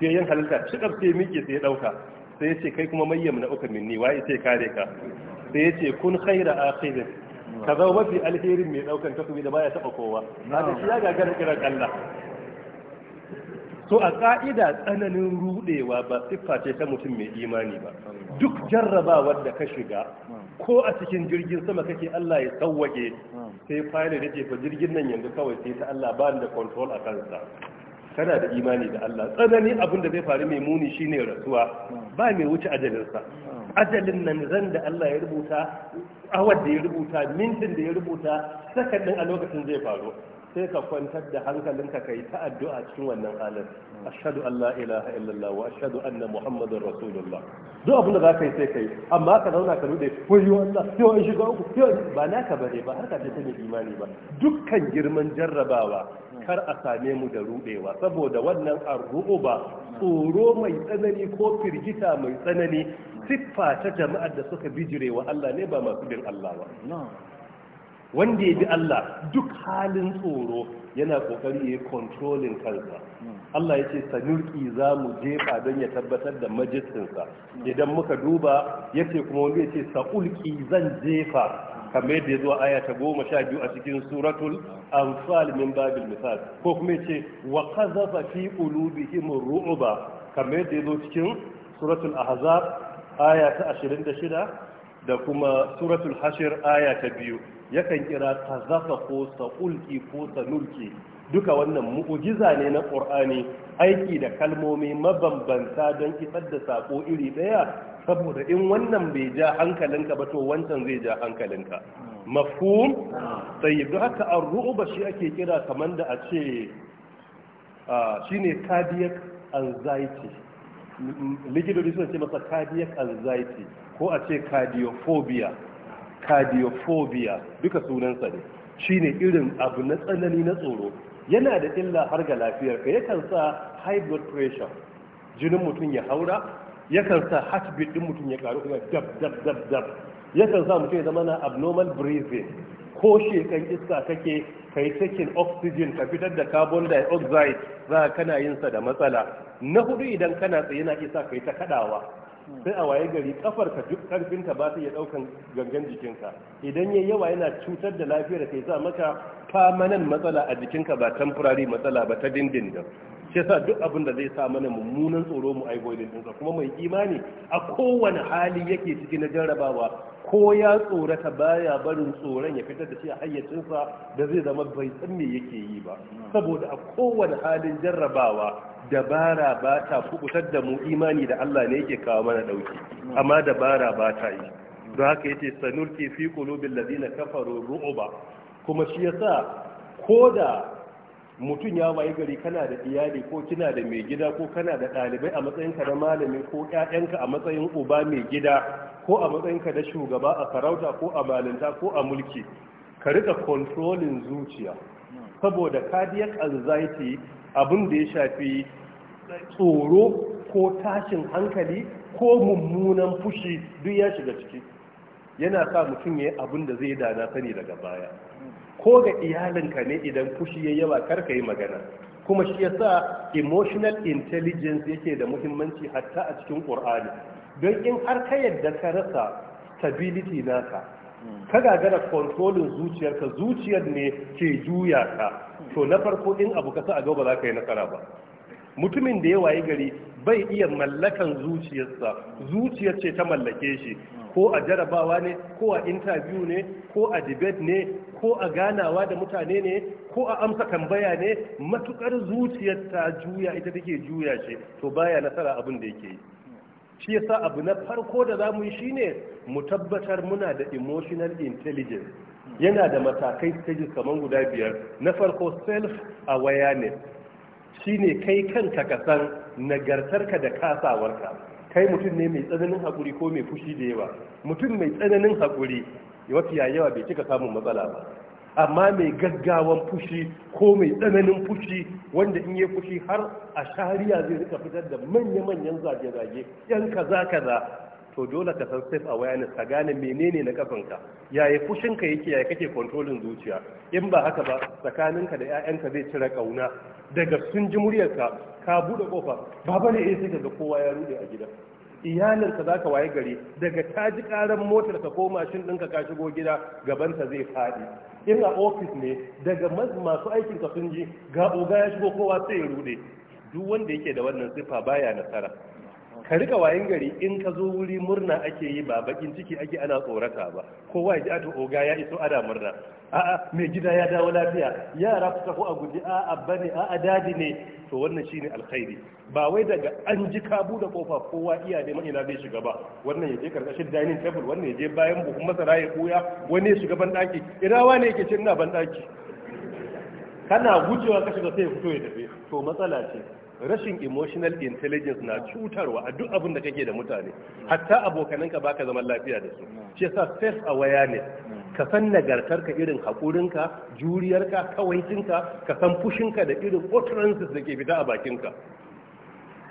sai yan halalta shikar sai miƙe sai ya dauka sai yace kai kuma mayyam na uka minni wa sai kare ka sai yace kun khaira akhirin ka zama mafi alherin mai daukan takobi da baya taba kowa da shi ya gagara kiran Allah so a ka'ida tsananin rudewa ba siffa ce ta mutum mai imani ba duk jarrabawar da ka shiga ko a cikin jirgin sama kake Allah ya sauwake sai fayyar da ce fa jirgin nan yanzu kawai sai ta Allah ba da control a kansa kana da imani da Allah tsanani abin da zai faru mai muni shine rasuwa ba mai wuce ajalinsa ajalin nan ran da Allah ya rubuta awar da ya rubuta mintin da ya rubuta ɗin a lokacin zai faru sai ka kwantar da hankalinka kai ta addu'a cikin wannan halin ashhadu an la ilaha illallah wa ashhadu anna muhammadar rasulullah duk abin da za ka yi sai kai amma ka zauna ka rude wayo Allah yau an shiga uku yau ba naka bane ba har ka ce mai imani ba dukkan girman jarrabawa kar a same mu da rudewa saboda wannan ba tsoro mai tsanani ko firgita mai tsanani siffa ta jama'ar da suka bijire wa Allah ne ba masu bin Allah ba wanda ya bi Allah duk halin tsoro yana kokari ya yi kontrolin kansa Allah ya ce sanurki za mu jefa don ya tabbatar da majistinsa idan muka duba ya ce kuma wanda ya ce sa'ulki zan jefa kamar da ya zo aya ta goma sha biyu a cikin suratul anfal min babil misal ko kuma ya ce wa qazafa fi qulubihim ru'ba kamar da ya zo cikin suratul ahzab aya ta 26 da kuma suratul hashir aya ta biyu yakan kira ta zafa ko sa'ulki ko sanulki duka wannan mu'ujiza ne na ƙur'ani aiki da kalmomi mabambanta don isar da sako iri ɗaya saboda in wannan bai ja hankalinka ba to wancan zai ja hankalinka mafhum sai da haka an ru'uba shi ake kira kamar da a ce shine cardiac anxiety likitoci suna ce masa cardiac anxiety ko a ce cardiophobia cardiophobia duka sunansa ne shine irin abu na tsanani na tsoro yana da illa har ga lafiyar ka yakan sa high blood pressure jinin mutum ya haura yakan sa heartbeat din mutum ya karu kuma dab dab dab dab yakan sa mutum ya zama na abnormal breathing ko shekan iska kake kai taking oxygen ka fitar da carbon dioxide za kana yin sa da matsala na hudu idan kana tsaye na isa kai ta kadawa sai a waye gari kafar ka duk karfin ta ba ta iya daukan gangan jikinka idan yayi yawa yana cutar da lafiyar ka yasa maka famanan matsala a jikinka ba temporary matsala ba ta dindindin shi yasa duk abin da zai sa mana mummunan tsoro mu ai goyin din kuma mai imani a kowane hali yake cikin na jarrabawa ko ya tsorata baya barin tsoron ya fitar da shi a hayyacinsa da zai zama bai san me yake yi ba saboda a kowane halin jarrabawa dabara ba ta kubutar da mu imani da Allah ne yake kawo mana dauki amma dabara ba ta yi don haka yace sanurki fi qulubil ladina kafaru ru'uba kuma shi yasa koda mutum ya waye gari kana da iyali ko kina da mai gida ko kana da ɗalibai a matsayinka da malami ko ƴaƴanka a matsayin uba mai gida ko a matsayinka da shugaba a sarauta ko a malinta ko a mulki ka rika kontrolin zuciya saboda cardiac anxiety abin da ya shafi tsoro ko tashin hankali ko mummunan fushi duk ya shiga ciki yana sa mutum ya yi abin da zai dana sani daga baya ko ga iyalinka ne idan fushi ya yawa karka yi magana kuma shi ya sa emotional intelligence yake da muhimmanci hatta a cikin ƙur'ani don in har ka yadda ka rasa stability naka ka gagara kontrolin zuciyarka zuciyar ne ke juya ka to na farko in abu kasa a gaba za ka yi nasara ba mutumin da ya waye gari bai iya mallakan zuciyarsa zuciyar ce ta mallake shi ko a jarabawa ne ko a intabiyu ne ko a debate ne ko a ganawa da mutane ne ko a amsa tambaya ne matukar zuciyar ta juya ita take juya shi to baya nasara abin da yake yi shi yasa abu na farko da zamu yi shine mu tabbatar muna da emotional intelligence yana da matakai stages kamar guda biyar na farko self awareness shine kai kanka ka san nagartarka da kasawarka kai mutum ne mai tsananin hakuri ko mai fushi da yawa mutum mai tsananin hakuri mafiya yawa bai cika samun matsala ba amma mai gaggawan fushi ko mai tsananin fushi wanda in yi fushi har a shari'a zai rika fitar da manya-manyan zage-zage yan kaza-kaza to dole ka san self awareness ka gane menene na kafanka yaya fushinka yake yaya kake kontrolin zuciya in ba haka ba tsakaninka da 'ya'yanka zai cire kauna daga sun ji muryarka ka bude kofa baba ne yake eh, daga kowa ya rude a gida iyalinka za ka waye gari daga ta ji karan motar ka ko mashin ɗinka ka shigo gida gabanta zai faɗi in a ofis ne daga masu aikin ka sun ji ga oga ya shigo kowa sai ya rude duk wanda yake da wannan sifa baya nasara ka rika wayin gari in ka zo wuri murna ake yi ba bakin ciki ake ana tsorata ba kowa ya ji ato oga ya iso ada murna a'a mai gida ya dawo lafiya yara su ko a guji a'a bane a'a dadi ne to wannan shine alkhairi ba wai daga an ji ka bude kofa kowa iya neman ina zai shiga ba wannan ya je karkashin dining table wannan ya je bayan buhun masara ya koya wani ya shiga ban daki ina wani yake cin na ban kana gujewa ka shiga sai ya fito ya tafi to matsala ce rashin emotional intelligence na cutarwa a duk abin da kake da mutane hatta abokananka baka zaman lafiya da su shi yasa self awareness ka san ka irin haƙurinka ka kawaicinka ka san fushinka da irin utterances da ke fita a bakinka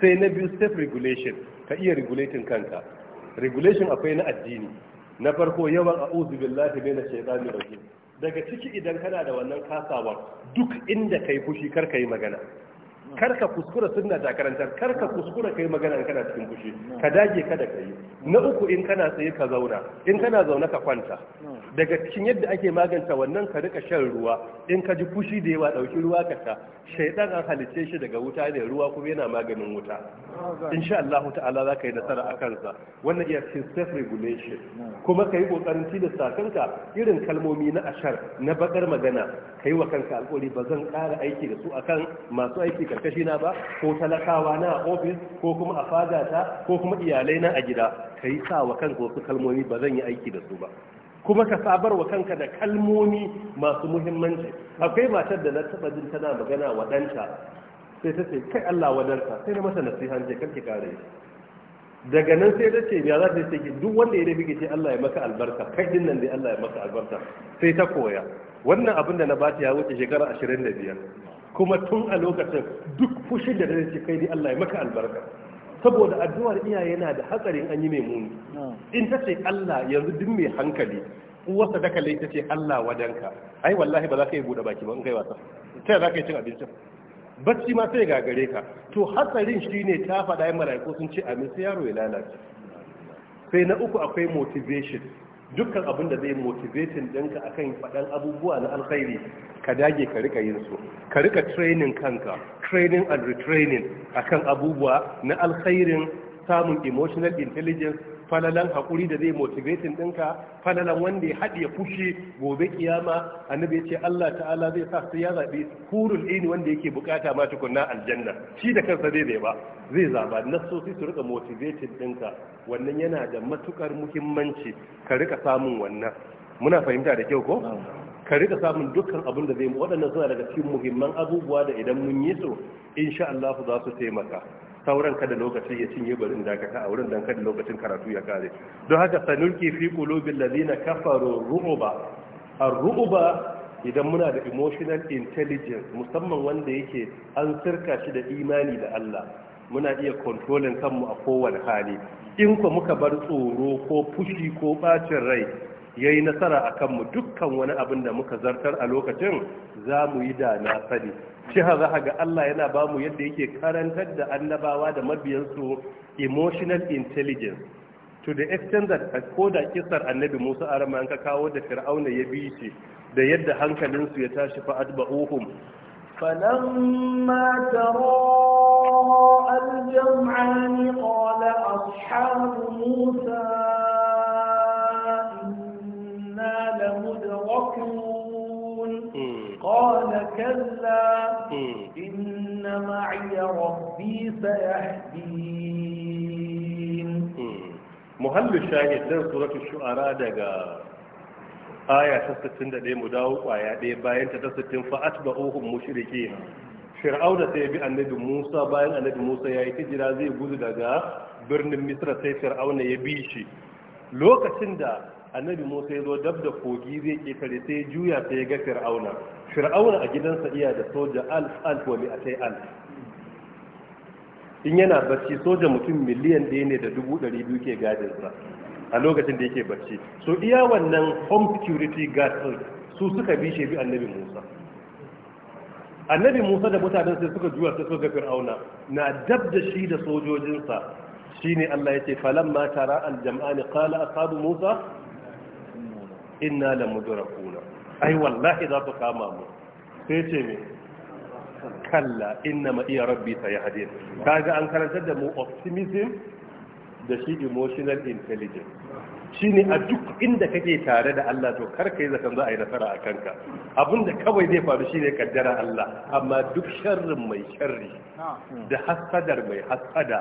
sai na biyu self regulation ka iya regulating kanka regulation akwai na addini na farko yawan a'udhu billahi minash shaitani rajim daga ciki idan kana da wannan kasawa duk inda kai fushi kar ka yi magana karka kuskura sunna ta karantar karka kuskura kai magana in kana cikin fushi ka dage kada kai na uku in kana tsaye ka zauna in kana zaune ka kwanta daga cikin yadda ake magance wannan ka rika shan ruwa in ka ji fushi da yawa dauki ruwa ka sha shaidan an halice shi daga wuta ne ruwa kuma yana maganin wuta insha Allah ta'ala za ka yi nasara a kansa wannan iya cikin self regulation kuma ka yi kokarin tilasta kanka irin kalmomi na ashar na bakar magana ka yi wa kanka alƙawari ba zan ƙara aiki da su akan masu aiki karkashi na ba ko talakawa na a ofis ko kuma a fadata ko kuma iyalai na a gida ka yi sa wa kanka wasu kalmomi ba zan yi aiki da su ba kuma ka sabar wa kanka da kalmomi masu muhimmanci akwai matar da na taba jin tana magana wa ɗanta sai ta ce kai Allah wadarta sai na masa nasiha ce kanki kare daga nan sai ta ce ya za ta ce duk wanda ya dafi ce Allah ya maka albarka kai din nan dai Allah ya maka albarka sai ta koya wannan abin da na bata ya wuce shekara 25 kuma tun a lokacin duk fushi da zai ce kai dai Allah ya maka albarka saboda addu'ar iyaye yana da hatsarin an yi mai muni in ta ce Allah yanzu duk mai hankali uwarsa da lai ta ce Allah wajenka ai wallahi ba za ka yi bude baki ba in kai wasa ta za ka yi cin abincin bacci ma sai ga gare ka to hatsarin shi ne ta faɗa yin mala'iku sun ce amin sai yaro ya lalace sai na uku akwai motivation dukkan abin da zai motivating ɗinka akan faɗan abubuwa na alkhairi ka dage ka rika yin su ka rika training kanka training and retraining akan abubuwa na alkhairin samun emotional intelligence falalan hakuri da zai motivate ɗinka falalan wanda ya haɗe fushi gobe kiyama annabi ce Allah ta'ala zai sa sai ya zabi hurul ini wanda yake bukata ma tukunna aljanna shi da kansa zai zai ba zai zaba nasosi su rika motivate ɗinka wannan yana da matukar muhimmanci ka rika samun wannan muna fahimta da kyau ko ka rika samun dukkan abin da zai mu waɗannan suna daga cikin muhimman abubuwa da idan mun yi su insha Allah za su taimaka sauran kada lokaci ya cinye barin dakata a wurin dan kada lokacin karatu ya kare don haka sanulki fi qulubil ladina kafaru ru'ba ar-ru'ba idan muna da emotional intelligence musamman wanda yake an sirka shi da imani da Allah muna iya kontrolin kanmu a kowane hali in ku muka bar tsoro ko fushi ko bacin rai ya yi nasara a kanmu dukkan wani abin da muka zartar a lokacin za mu yi da na sani shi za ga Allah yana ba mu yadda yake karantar da annabawa da mabiyansu emotional intelligence to the extent that a koda kisar annabi Musa arama an ka kawo da fir'auna ya bi shi da yadda hankalinsu ya tashi fa adba'uhum فلما musa. إنا لمدركون قال كلا إن معي ربي سيهدين محل الشاهد ده سورة الشعراء دقا آية 61 مداوق آية دي باين 60 فأتبعوهم مشركين fir'auna sai bi annabi musa bayan annabi musa ya yi kijira zai gudu daga birnin misra sai fir'auna ya bi shi lokacin da annabi musa ya zo dab da kogi zai ƙetare sai juya sai ga fir'auna fir'auna a gidansa iya da soja alf alf wa mi'atai alf in yana barci soja mutum miliyan ɗaya ne da dubu ɗari biyu ke gadinsa a lokacin da yake barci so iya wannan home security guard su suka bi shi bi annabi musa annabi musa da mutanen sai suka juya sai ga fir'auna na dab da shi da sojojinsa shine Allah yace falamma tara aljam'ani qala ashabu musa inna la kuna. ai wallahi za su kama mu sai ce mai kalla inna ma iya rabbi ta sayahdin kaga an karantar da mu optimism da shi emotional intelligence shine a duk inda kake tare da Allah to kar yi zakan za a yi nasara a kanka abinda kawai zai faru shine kaddara Allah amma duk sharrin mai sharri da hasadar mai hasada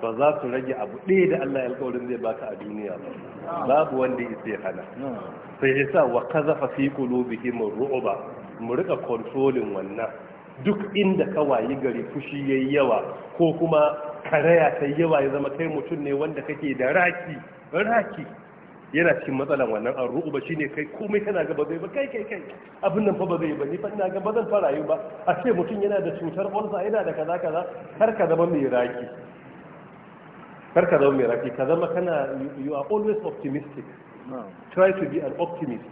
ba za su rage abu ɗaya da Allah ya alƙawarin zai baka a duniya ba babu wanda ya sai hana sai sa wa kazafa fi qulubihim ru'ba mu rika kontrolin wannan duk inda ka gari fushi yayi yawa ko kuma karaya ta yawa ya zama kai mutum ne wanda kake da raki raki yana cikin matsalan wannan an shi shine kai komai kana ga ba zai ba kai kai kai abin nan fa ba zai ba ni fa ina ga ba zan fara yi ba a ce mutum yana da cutar ulsa yana da kaza kaza kar ka zama mai raki kar ka zama mai raki ka zama kana you are always optimistic try to be an optimist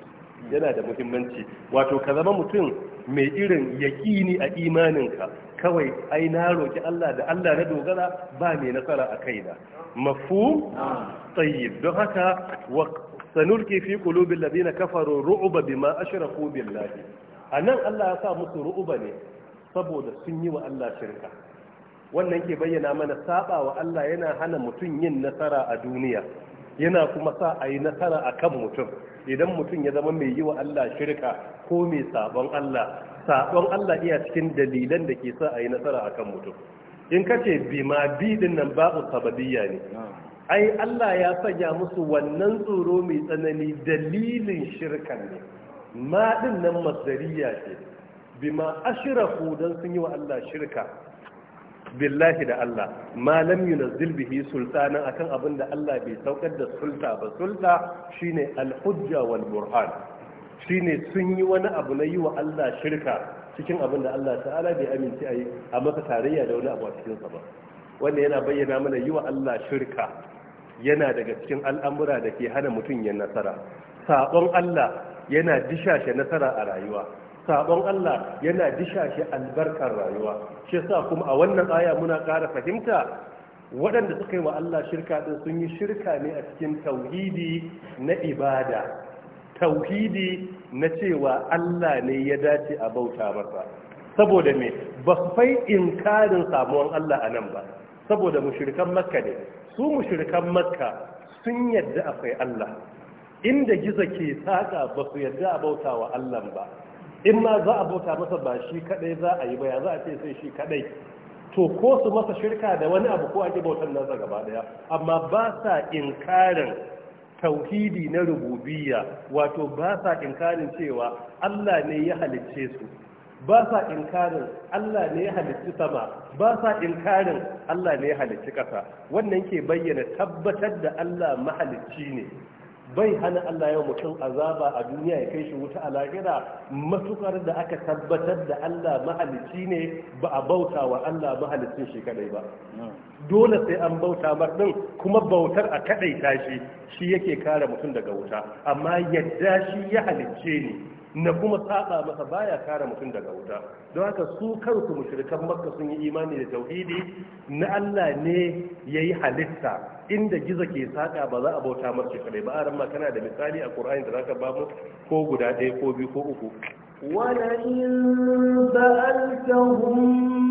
yana da muhimmanci wato ka zama mutum mai irin yaƙini a imaninka kawai ai na roƙi Allah da Allah na dogara ba mai nasara a kaina mafhum tayyib don haka wa sanulki fi qulubil ladina kafaru ru'ba bima ashraku billahi anan Allah ya sa musu ru'ba ne saboda sun yi wa Allah shirka wannan ke bayyana mana saba wa Allah yana hana mutum yin nasara a duniya yana kuma sa a yi nasara a kan mutum idan mutum ya zama mai yi wa Allah shirka ko mai sabon Allah sabon Allah iya cikin dalilan da ke sa a yi nasara a kan mutum in ka ce bima din nan babu sababiyya ne ai Allah ya sanya musu wannan tsoro mai tsanani dalilin shirkan ne ma din nan masdariya ce bima ashraku dan sun yi wa Allah shirka billahi da Allah ma lam yunazzil bihi sultana akan abin da Allah bai saukar da sulta ba sulta shine al-hujja wal burhan shine sun yi wani abu na yi wa Allah shirka cikin abin da Allah ta'ala bai aminci a yi a masa tarayya da wani abu a cikinsa ba wanda yana bayyana mana yi wa Allah shirka yana daga cikin al'amura da ke hana mutum ya nasara sabon Allah yana dishashe nasara a rayuwa sabon Allah yana dishashe albarkar rayuwa shi sa kuma a wannan aya muna ƙara fahimta waɗanda suka yi wa Allah shirka ɗin sun yi shirka ne a cikin tauhidi na ibada tauhidi na cewa Allah ne ya dace a bauta masa saboda me ba su fai inkarin samuwan Allah a nan ba saboda mu mushrikan makka ne su mushrikan makka sun yadda akwai Allah inda giza ke saka ba su yadda a bauta wa Allah ba in ma za a bauta masa ba shi kadai za a yi ba ya za a ce sai shi kadai to ko su masa shirka da wani abu ko ake bautan nasa gaba daya amma ba sa inkarin tauhidi na rububiyya wato ba sa inkarin cewa Allah ne ya halicce su ba sa inkarin Allah ne ya halicci sama ba sa inkarin Allah ne ya halicci ƙasa wannan ke bayyana tabbatar da Allah mahalicci ne bai hana Allah yau mutum azaba a duniya ya kai shi wuta a lahira matukar da aka tabbatar da Allah mahalicci ne ba a bauta wa Allah mahalicin shi kadai ba dole sai an bauta mar din kuma bautar a kadai tashi shi yake kare mutum daga wuta amma yadda shi ya halicce ne na kuma saba masa baya kare mutum daga wuta don haka su kansu mushrikan makka sun yi imani da tauhidi na Allah ne yayi halitta inda gizo ke saka ba za a bauta masa kare ba aran kana da misali a Qur'ani da zaka ba mu ko guda ɗaya ko biyu ko uku ولئن سألتهم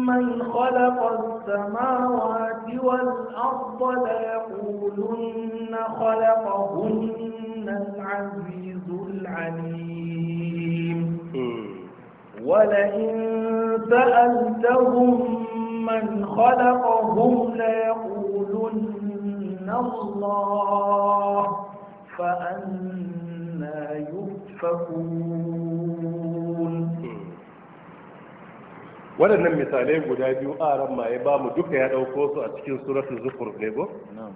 من خلق السماوات والأرض ليقولن خلقهن العزيز العليم ولئن سألتهم من خلقهم ليقولن الله فأنا يؤفكون ولن نمي ثالي قد يجيو آرام ما يبا مجوك يا دوكوس أتكين سورة الزخر نعم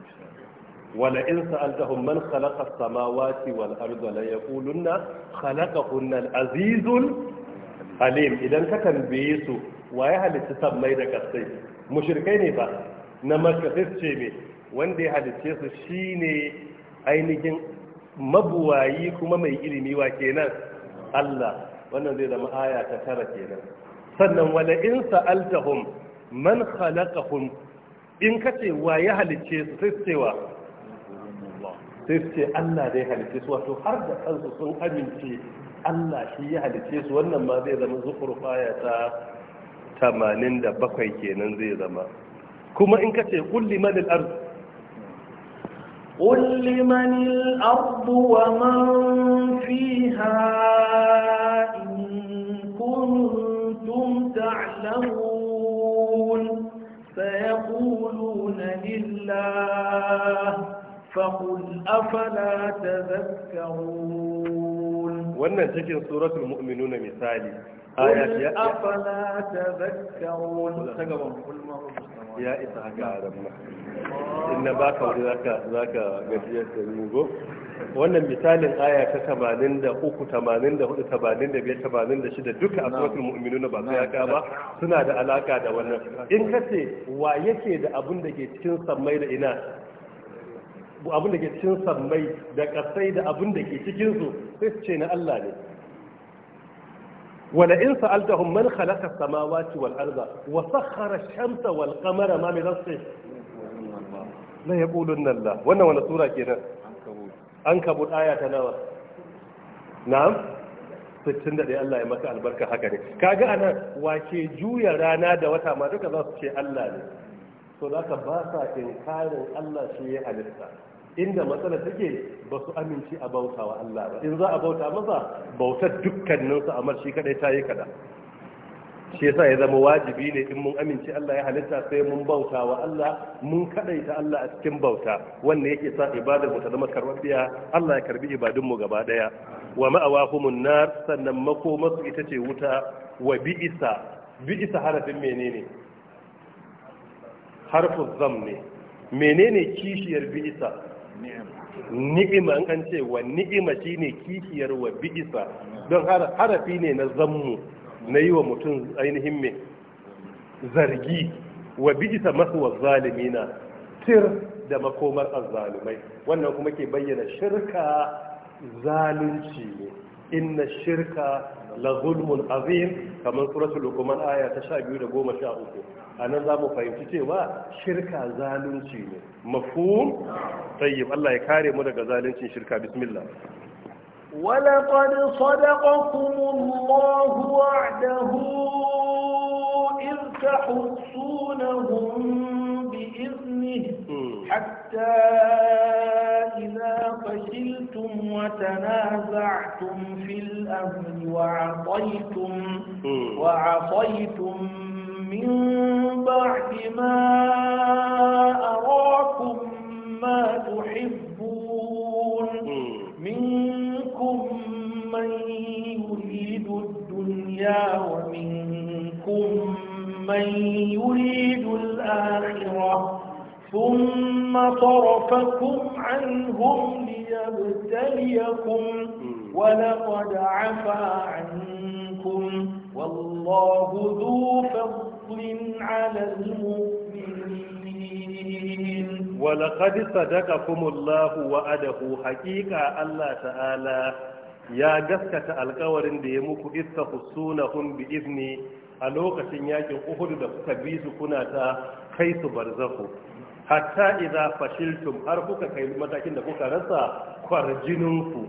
ولئن سألتهم من خلق السماوات والأرض ليقولن خلقهن العزيز alim idan ka tambaye su ya halitta sammai da kasai mushrikai ne ba na makka ce me wanda ya halicce su shine ainihin mabuwayi kuma mai ilimi wa kenan Allah wannan zai zama aya ta tara kenan sannan wala in sa'altahum man khalaqahum in kace wa ya halicce su sai cewa sai ce Allah dai halice su wato har da kansu sun amince Allah shi ya halice su wannan ma zai zama zukuru aya ta 87 kenan zai zama kuma in ka ce kulli madal arz قل لمن الأرض ومن فيها إن كنتم تعلمون فيقولون لله فقل أفلا تذكرون وانا تكن سورة المؤمنون مثالي آيات يا أفلا تذكرون يا إسحاق عالمنا إن باك ذاك ذاك نبيا سليمو wannan misalin aya ta 83 84 85 86 duka asmatul mu'minuna ba su aka ba suna da alaka da wannan in kace wa yake da abun da ke cikin sammai da ina abin da ke cin sammai da ƙasai da abin da ke cikinsu sai su ce na Allah ne wala in sa'altahum man khalaqa samawati wal arda wa sakhara ash-shamsa wal qamara ma min rasul la yaqulun Allah wannan wani sura kenan an kabu aya ta nawa na'am 61 Allah ya maka albarka haka ne kaga anan wace juya rana da wata ma duka za su ce Allah ne to zaka ba sa inkarin Allah shi ya halitta inda matsala take ba su aminci a bauta wa Allah ba in za a bauta masa bautar dukkaninsu su amma shi kadai ta yi kada shi yasa ya zama wajibi ne in mun aminci Allah ya halitta sai mun bauta wa Allah mun kadaita Allah a cikin bauta wanda yake sa ibadar mu ta zama karbabiya Allah ya karbi ibadun mu gaba daya wa ma'awahumun nar sannan makomarsu ita ce wuta wa bi'isa bi'isa harafin menene harfu zam ne menene kishiyar bi'isa ni'ima an ce wa ni'ima shine kikiyar wa bi'isa don harafi ne na zammu na yi wa mutum ainihin mai. zargi wa bi'isa wa zalimina tir da makomar azzalumai wannan kuma ke bayyana shirka zalunci ne inna shirka la azim kamar suratul luqman aya ta 12 da 13 anan zamu fahimci cewa shirka zalunci ne mafhum tayyib Allah ya kare mu daga zaluncin shirka bismillah ولقد صدقكم الله وعده إذ تحسونهم بإذنه حتى إذا فشلتم وتنازعتم في الأمر وعصيتم وعصيتم من بعد ما أراكم ما تحبون منكم من يريد الدنيا ومنكم من يريد الآخرة ثم صرفكم عنهم ليبتليكم ولقد عفا عنكم والله ذو فضل على المؤمنين ولقد صدقكم الله وعده حقيقة الله تعالى يا جسكة القور ديموك إذ تخصونهم بإذنه a lokacin yakin Uhudu da kuka bi su kuna ta kai su barzaku hatta idza fashiltum har kuka kai matakin da kuka rasa kwarjininku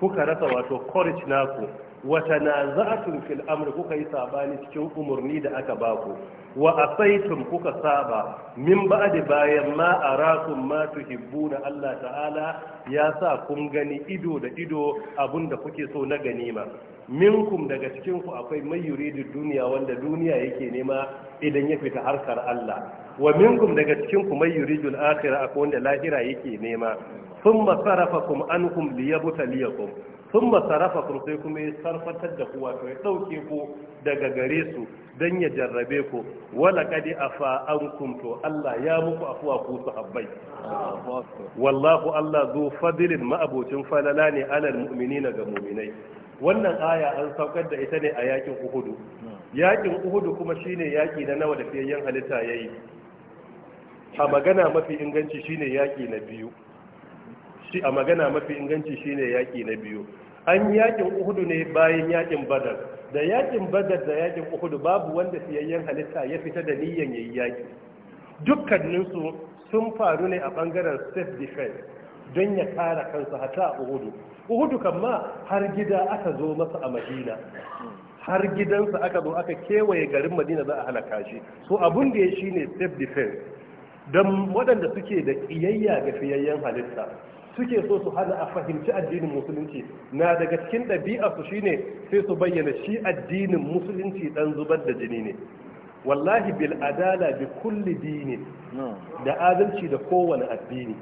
kuka rasa wato courage naku wata na za'atun fil amr kuka yi sabani cikin umurni da aka ba ku wa asaitum kuka saba min ba'di bayan ma arakum ma tuhibbuna Allah ta'ala ya sa kun gani ido da ido abinda kuke so na ganima minkum daga cikinku akwai mai yuridu duniya wanda duniya yake nema idan ya fita harkar Allah wa minkum daga cikinku mai yuridu al akhira akwai wanda lahira yake nema thumma sarafakum ankum liyabtaliyakum thumma sarafakum sai kuma ya sarfatar da ku wato ya dauke ku daga gare su dan ya jarrabe ku wala qad afa ankum to Allah ya muku afuwa ku sahabbai wallahu Allah zu fadlin ma'abucin falala ne alal mu'minina ga mu'minai wannan aya an saukar da ita ne a yakin uhudu yakin uhudu kuma shine yaki na nawa da fiyayyen halitta yayi a magana mafi inganci shine yaki na biyu shi a magana mafi inganci shine yaki na biyu an yakin uhudu ne bayan yakin badar da yakin badar da yakin uhudu babu wanda fiyayyen halitta ya fita da niyyan yayi yaki dukkaninsu sun faru ne a bangaren self defense don ya kara kansa hata a uhudu uhudu kan ma har gida aka zo masa a madina har gidansa aka zo aka kewaye garin madina za a halaka shi so abun da ya shi ne self defense don waɗanda suke da ƙiyayya ga fiyayyen halitta suke so su hana a fahimci addinin musulunci na daga cikin ɗabi'a su shine sai su bayyana shi addinin musulunci ɗan zubar da jini ne wallahi bil adala bi kulli dini da adalci da kowane addini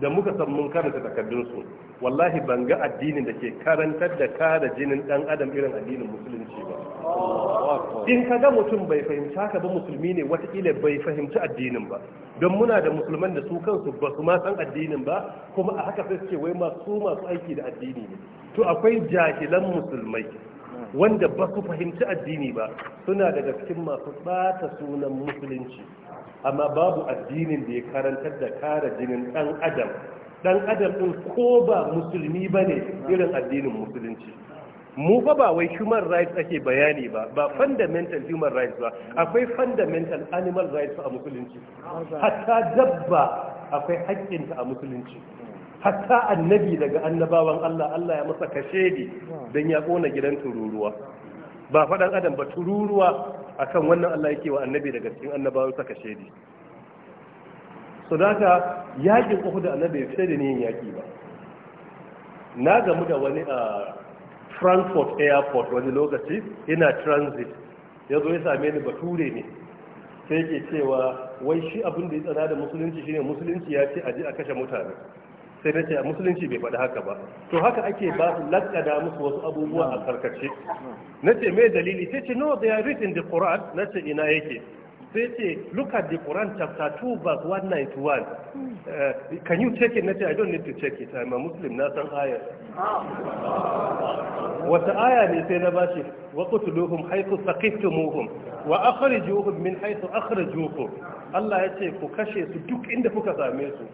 da muka san mun karanta takardunsu wallahi ban ga addinin da ke karantar da kada jinin dan adam irin addinin musulunci ba in ka ga mutum bai fahimci haka ba musulmi ne watakila bai fahimci addinin ba don muna da musulman da su kansu ba su ma san addinin ba kuma a haka sai suke wai masu masu aiki da addini ne to akwai jahilan musulmai wanda ba su fahimci addini ba suna daga cikin masu ɓata sunan musulunci amma babu addinin da ya karantar da kare jinin ɗan adam ɗan adam ɗin ko ba musulmi ba ne irin addinin musulunci mu fa ba wai human rights ake bayani ba ba fundamental human rights ba akwai fundamental animal rights a musulunci hatta dabba akwai haƙƙinta a musulunci hatta annabi daga annabawan Allah Allah ya masa kashedi don ya kona gidan tururuwa ba faɗan adam ba tururuwa akan wannan Allah yake wa annabi daga cikin annabawan sa kashedi so daga yakin Uhud da annabi sai da yin yaki ba na gamu da wani a Frankfurt airport wani lokaci ina transit ya zo ya same ni bature ne sai ke cewa wai shi abin da ya tsada da musulunci shine musulunci ya ce a je a kashe mutane sai na ce a musulunci bai faɗi haka ba to haka ake ba su lakkada musu wasu abubuwa a karkace na ce mai dalili sai ce no they are written in the Quran na ce ina yake sai ce look at the Quran chapter 2 verse 191 uh, eh, can you check it na ce I don't need to check it I'm a Muslim na san aya. wata aya ne sai na bashi wa qutuluhum haythu saqiftumuhum wa akhrijuhum min haythu akhrajukum Allah ya ce ku kashe su duk inda kuka same su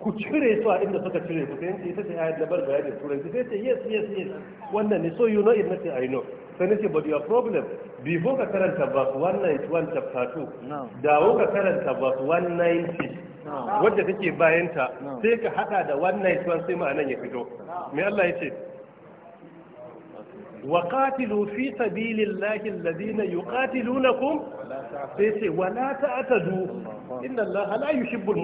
ku cire su a inda suka cire ku sai yanci ita ce ayat da barba bayanin turanci sai ce yes yes yes wannan ne so you know it nace i know sai nace but your problem before ka karanta verse 191 chapter 2 dawo ka karanta verse 190 wadda take bayanta sai ka hada da 191 sai ma'anan ya fito me Allah ya ce وقاتلوا في سبيل الله الذين يقاتلونكم sai ce wala ta'tadu inna allaha la yuhibbul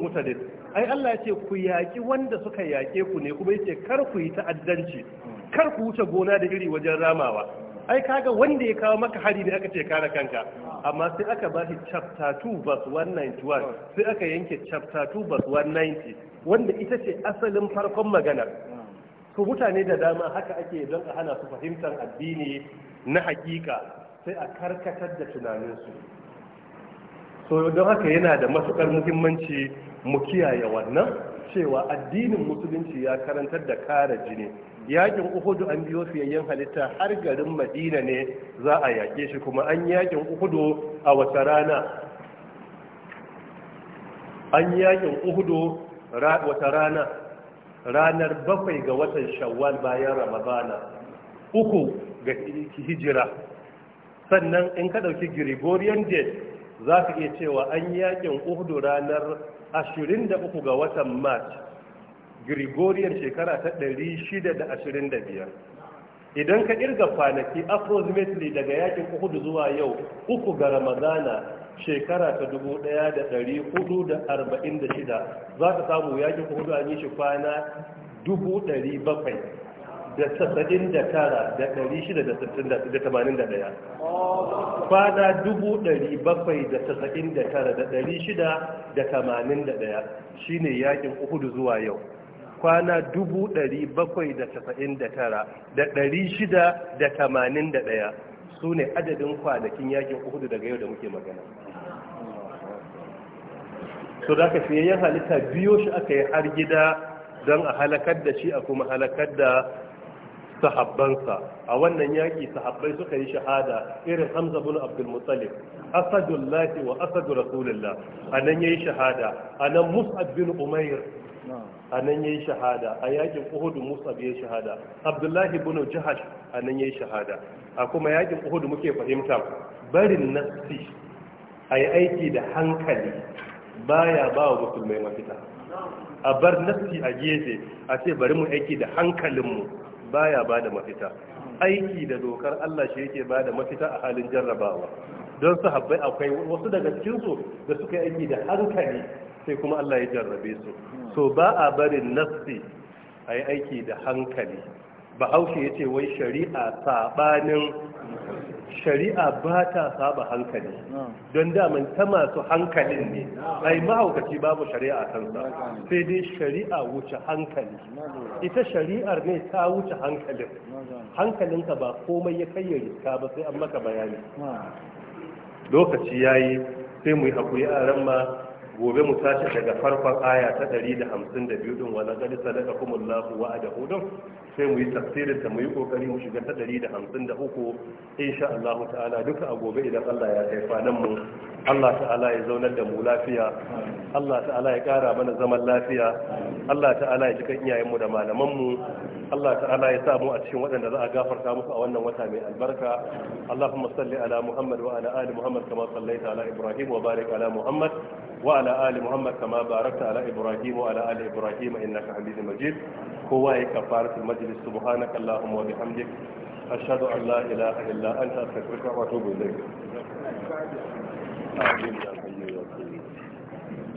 ai Allah yace ku yaki wanda suka yake ku ne kuma yace kar ku yi ta'addanci kar ku wuce gona da iri wajen ramawa ai kaga wanda ya kawo maka hari ne aka ce kare kanka amma sai aka ba shi chapter 2 verse 191 sai aka yanke chapter 2 verse 190 wanda ita ce asalin farkon maganar to mutane da dama haka ake don a hana su fahimtar addini na hakika sai a karkatar da tunaninsu so don haka yana da matukar muhimmanci mu kiyaye wannan cewa addinin musulunci ya karantar da kare jini Yaƙin uhudu an biyo fiyayyen halitta har garin madina ne za a yaƙe shi kuma an yakin uhudu a wata rana an yakin uhudu wata rana ranar bakwai ga watan shawwal bayan ramadana uku ga hijira sannan in ka ɗauki gregorian date za ka iya cewa an yi yakin uhudu ranar 23 ga watan march gregorian shekara ta 625 idan ka irga kwanaki approximately daga yakin uhudu zuwa yau uku ga ramadana shekara ta 1446 za ka samu yakin uhudu an yi shi kwana 700 da tasa'in da tara da ɗari shida da sittin da tamanin da ɗaya kwana dubu ɗari bakwai da tasa'in da tara da ɗari shida da tamanin da ɗaya shine yakin uhudu zuwa yau kwana dubu ɗari bakwai da tasa'in da tara da ɗari shida da tamanin da ɗaya su ne adadin kwanakin yakin uhudu daga yau da muke magana so da aka fiye yin halitta biyo shi aka yi har gida don a halakar da shi a kuma halakar da sahabbansa a wannan yaki sahabbai suka yi shahada irin Hamza bin Abdul Muttalib asadullahi wa asadu rasulillah anan yayi shahada anan Mus'ab bin Umair anan yayi shahada a yakin Uhud Mus'ab yayi shahada Abdullahi bin Jahash anan yayi shahada a kuma yakin Uhud muke fahimta barin nafsi yi aiki da hankali baya ba wa musulmai mafita a bar nafsi a gefe a ce bari mu aiki da hankalinmu baya bada mafita aiki da dokar Allah shi yake bada mafita a halin jarrabawa don sahabbai akwai wasu daga cikin su da suka yi aiki da hankali sai kuma Allah ya jarrabe su so ba a barin nassi a yi aiki da hankali bahaushe ya ce wai shari'a saɓanin shari'a ba ta saba hankali don daman ta masu hankalin ne ai mahaukaci babu shari'a kansa sai dai shari'a wuce hankali ita shari'ar ne ta wuce hankalin hankalinka ba komai ya kai ya riska ba sai an maka bayani lokaci ya yi, sai mu yi hakuri a ran ma gobe mu tashi daga farkon aya ta 152 din wala qad sadaqakum Allahu wa'adahu sai mu yi tafsirin ta mu yi kokari mu shiga ta 153 insha Allah ta'ala duka a gobe idan Allah ya taifa nan mu Allah ta'ala ya zaunar da mu lafiya Allah ta'ala ya kara mana zaman lafiya Allah ta'ala ya kan iyayen mu da malaman mu Allah ta'ala ya samu a cikin waɗanda za a gafarta musu a wannan wata mai albarka Allahumma salli ala Muhammad wa ala ali Muhammad kama sallaita ala Ibrahim wa barik ala Muhammad wa ala ali Muhammad kama barakta ala Ibrahim wa ala ali Ibrahim innaka Hamidum Majid kowa ya kafaratul majlis subhanaka Allahumma wa bihamdik ashhadu an la ilaha illa anta astaghfiruka wa atubu ilayk